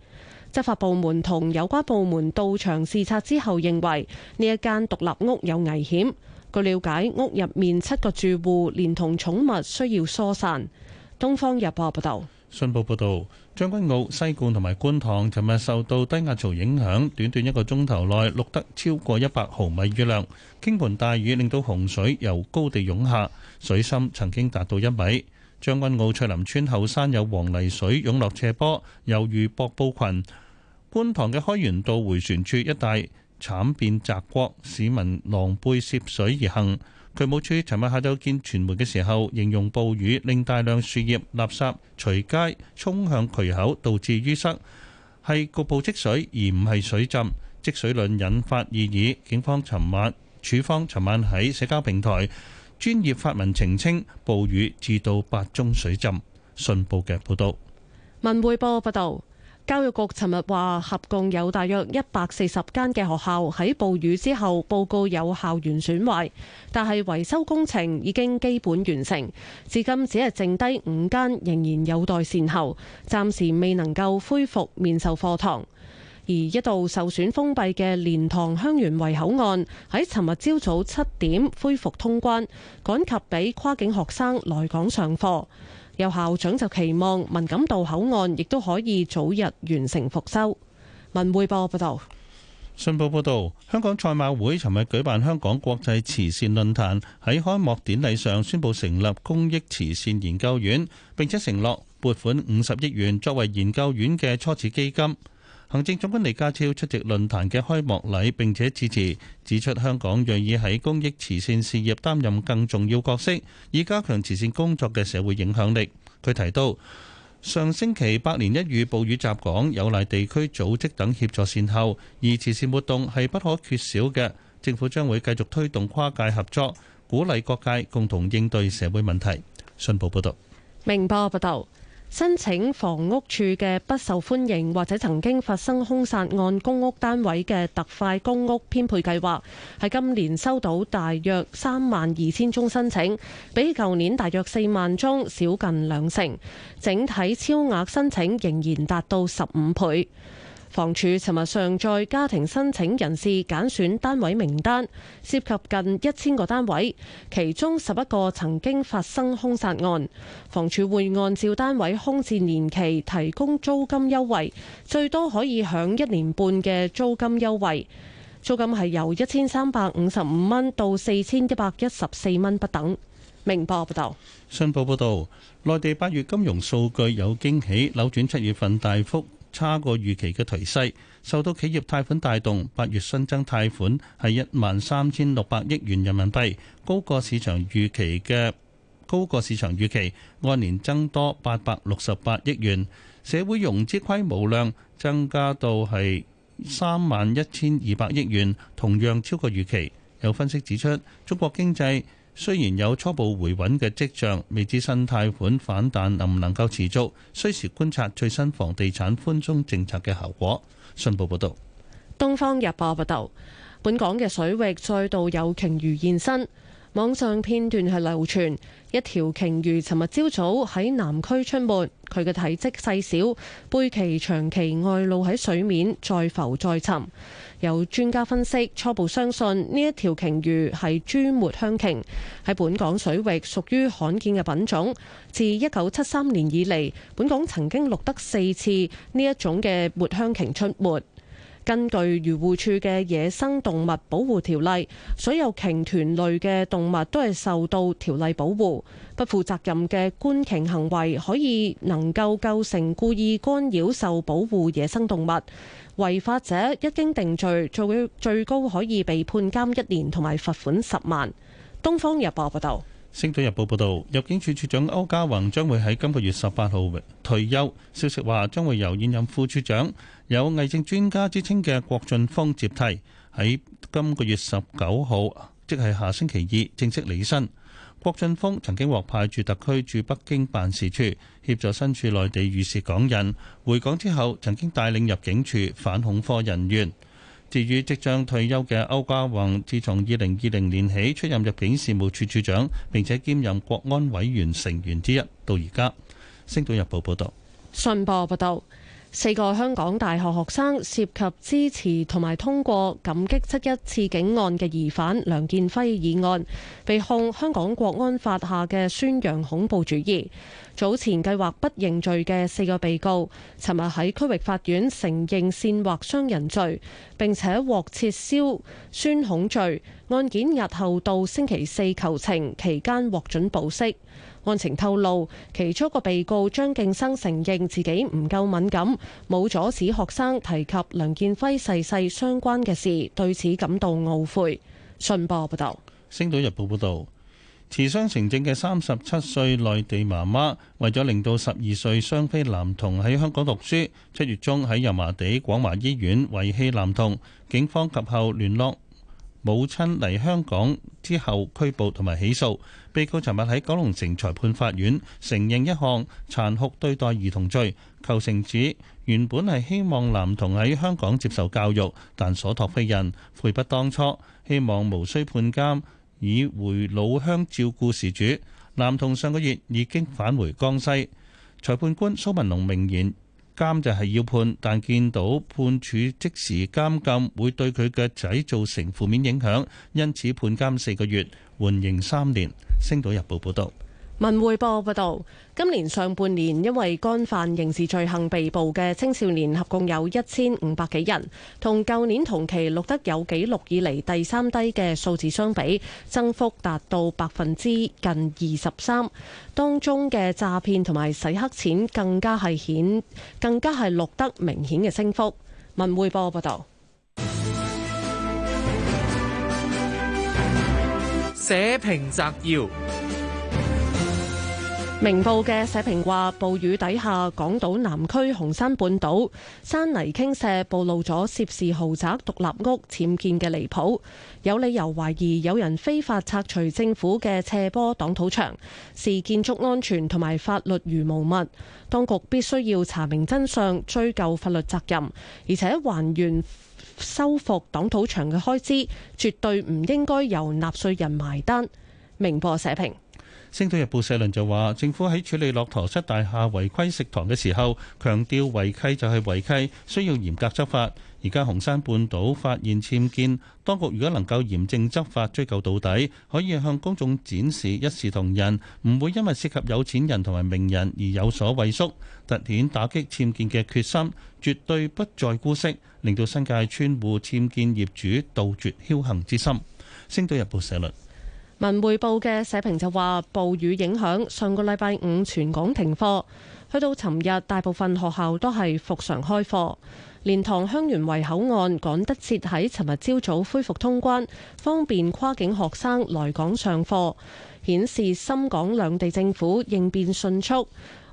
執法部門同有關部門到場視察之後，認為呢一間獨立屋有危險。據了解，屋入面七個住戶連同寵物需要疏散。《東方日報》報道：信報報道，將軍澳西貢同埋觀塘，尋日受到低壓槽影響，短短一個鐘頭內錄得超過一百毫米雨量，傾盆大雨令到洪水由高地湧下，水深曾經達到一米。將軍澳翠林村後山有黃泥水湧落斜坡，猶如瀑布群。觀塘嘅開源道回旋處一帶慘變澤國，市民狼狽涉水而行。渠務處尋日下晝見傳媒嘅時候，形容暴雨令大量樹葉、垃圾隨街衝向渠口，導致淤塞，係局部積水而唔係水浸。積水論引發異議。警方尋晚處方尋晚喺社交平台專業發文澄清，暴雨至到八宗水浸。信報嘅報道，文匯報報道。教育局尋日話，合共有大約一百四十間嘅學校喺暴雨之後報告有校園損壞，但係維修工程已經基本完成，至今只係剩低五間仍然有待善後，暫時未能夠恢復面授課堂。而一度受損封閉嘅蓮塘香園圍口岸喺尋日朝早七點恢復通關，趕及畀跨境學生來港上課。有校長就期望敏感道口岸亦都可以早日完成復修。文匯報報道：「信報報道，香港賽馬會尋日舉辦香港國際慈善論壇，喺開幕典禮上宣布成立公益慈善研究院，並且承諾撥款五十億元作為研究院嘅初始基金。行政長官李家超出席論壇嘅開幕禮，並且致辭，指出香港願意喺公益慈善事業擔任更重要角色，以加強慈善工作嘅社會影響力。佢提到，上星期百年一遇暴雨襲港，有賴地區組織等協助善後，而慈善活動係不可缺少嘅。政府將會繼續推動跨界合作，鼓勵各界共同應對社會問題。信報報道，明報報道。申請房屋處嘅不受歡迎或者曾經發生兇殺案公屋單位嘅特快公屋編配計劃，喺今年收到大約三萬二千宗申請，比舊年大約四萬宗少近兩成，整體超額申請仍然達到十五倍。房署尋日上載家庭申請人士揀選單位名單，涉及近一千個單位，其中十一個曾經發生兇殺案。房署會按照單位空置年期提供租金優惠，最多可以享一年半嘅租金優惠，租金係由一千三百五十五蚊到四千一百一十四蚊不等。明報報道，新報報道，內地八月金融數據有驚喜，扭轉七月份大幅。差過預期嘅頹勢，受到企業貸款帶動，八月新增貸款係一萬三千六百億元人民幣，高過市場預期嘅，高過市場預期，按年增多八百六十八億元，社會融資規模量增加到係三萬一千二百億元，同樣超過預期。有分析指出，中國經濟，雖然有初步回穩嘅跡象，未知新貸款反彈能唔能夠持續，需時觀察最新房地產寬鬆政策嘅效果。信報報道：東方日報報道，本港嘅水域再度有鯨魚現身，網上片段係流傳一條鯨魚，尋日朝早喺南區出沒，佢嘅體積細小，背鰭長期外露喺水面，再浮再沉。有專家分析，初步相信呢一條鯨魚係侏抹香鯨，喺本港水域屬於罕見嘅品種。自一九七三年以嚟，本港曾經錄得四次呢一種嘅抹香鯨出沒。根據漁護處嘅野生動物保護條例，所有鯨豚類嘅動物都係受到條例保護。不負責任嘅觀鯨行為可以能夠構成故意干擾受保護野生動物。違法者一經定罪，最最高可以被判監一年同埋罰款十萬。《東方日報》報道，《星島日報》報道，入境處處長區嘉宏將會喺今個月十八號退休。消息話，將會由現任副處長、有偽證專家之稱嘅郭俊峰接替，喺今個月十九號，即係下星期二正式離身。郭俊峰曾經獲派駐特區駐北京辦事處。協助身處內地遇事港人回港之後，曾經帶領入境處反恐科人員。至於即將退休嘅區嘉宏，自從二零二零年起出任入境事務處處長，並且兼任國安委員成員之一，到而家。星島日報報道。信報報道。四個香港大學學生涉及支持同埋通過感激七一刺警案嘅疑犯梁建輝議案，被控香港國安法下嘅宣揚恐怖主義。早前計劃不認罪嘅四個被告，尋日喺區域法院承認煽惑傷人罪，並且獲撤銷宣恐罪。案件押後到星期四求情期間獲准保釋。案情透露，其中一個被告張敬生承認自己唔夠敏感，冇阻止學生提及梁建輝逝世相關嘅事，對此感到懊悔。信報報導，《星島日報》報導，持雙程證嘅三十七歲內地媽媽，為咗令到十二歲雙非男童喺香港讀書，七月中喺油麻地廣華醫院遺棄男童，警方及後聯絡母親嚟香港之後拘捕同埋起訴，被告尋日喺九龍城裁判法院承認一項殘酷對待兒童罪，求情指原本係希望男童喺香港接受教育，但所託非人，悔不當初，希望無需判監，以回老鄉照顧事主。男童上個月已經返回江西。裁判官蘇文龍明言。監就係要判，但見到判處即時監禁會對佢嘅仔造成負面影響，因此判監四個月，緩刑三年。星島日報報道。文匯報報道，今年上半年因為干犯刑事罪行被捕嘅青少年合共有一千五百幾人，同舊年同期錄得有紀錄以嚟第三低嘅數字相比，增幅達到百分之近二十三。當中嘅詐騙同埋洗黑錢更加係顯更加係錄得明顯嘅升幅。文匯報報道。社評摘要。明報嘅社評話：暴雨底下，港島南區紅山半島山泥傾瀉，暴露咗涉事豪宅獨立屋僭建嘅離譜，有理由懷疑有人非法拆除政府嘅斜坡擋土牆，視建築安全同埋法律如無物，當局必須要查明真相，追究法律責任，而且還原修復擋土牆嘅開支，絕對唔應該由納稅人埋單。明報社評。《星島日報》社論就話：政府喺處理駱駝室大廈違規食堂嘅時候，強調違規就係違規，需要嚴格執法。而家紅山半島發現僭建，當局如果能夠嚴正執法、追究到底，可以向公眾展示一視同仁，唔會因為涉及有錢人同埋名人而有所畏縮，突顯打擊僭建嘅決心，絕對不再姑息，令到新界村戶僭建業主杜絕僥幸之心。《星島日報》社論。文匯報嘅社評就話，暴雨影響上個禮拜五全港停課，去到尋日，大部分學校都係復常開課。蓮塘香園圍口岸趕得切喺尋日朝早恢復通關，方便跨境學生來港上課，顯示深港兩地政府應變迅速。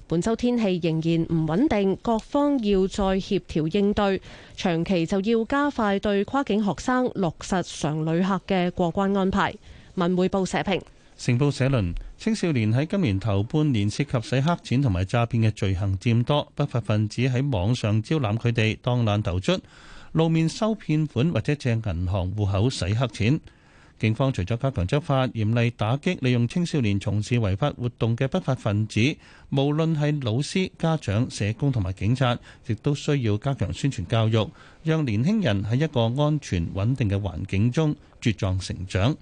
本周天氣仍然唔穩定，各方要再協調應對，長期就要加快對跨境學生落實常旅客嘅過關安排。文匯報社評：成報社論，青少年喺今年頭半年涉及洗黑錢同埋詐騙嘅罪行佔多，不法分子喺網上招攬佢哋當爛頭卒，露面收騙款或者借銀行戶口洗黑錢。警方除咗加強執法，嚴厲打擊利用青少年從事違法活動嘅不法分子，無論係老師、家長、社工同埋警察，亦都需要加強宣傳教育，讓年輕人喺一個安全穩定嘅環境中茁壯成長。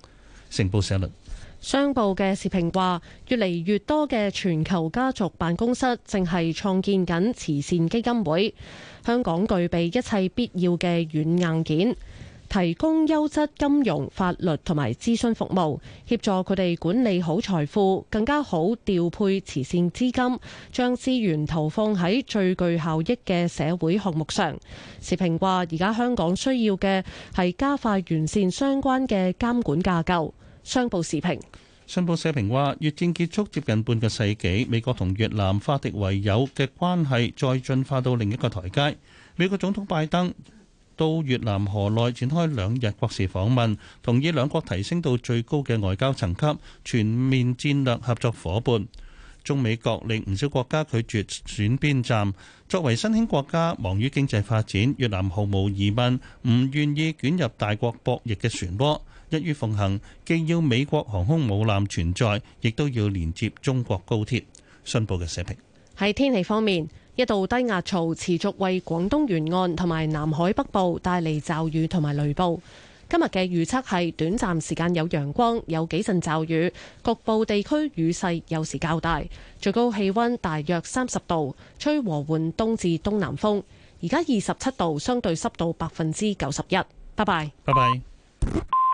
商報嘅時評話：越嚟越多嘅全球家族辦公室正係創建緊慈善基金會。香港具備一切必要嘅軟硬件，提供優質金融、法律同埋諮詢服務，協助佢哋管理好財富，更加好調配慈善資金，將資源投放喺最具效益嘅社會項目上。時評話：而家香港需要嘅係加快完善相關嘅監管架構。商報時評。商報社評話，越戰結束接近半個世紀，美國同越南化敵為友嘅關係再進化到另一個台階，美國總統拜登到越南河內展開兩日國事訪問，同意兩國提升到最高嘅外交層級，全面戰略合作夥伴。中美國令唔少國家拒絕選邊站。作為新興國家，忙於經濟發展，越南毫無疑問唔願意捲入大國博弈嘅漩渦。一於奉行，既要美國航空母艦存在，亦都要連接中國高鐵。信報嘅社評。喺天氣方面，一度低壓槽持續為廣東沿岸同埋南海北部帶嚟驟雨同埋雷暴。今日嘅預測係短暫時間有陽光，有幾陣驟雨，局部地區雨勢有時較大。最高氣温大約三十度，吹和緩東至東南風。而家二十七度，相對濕度百分之九十一。拜拜，拜拜。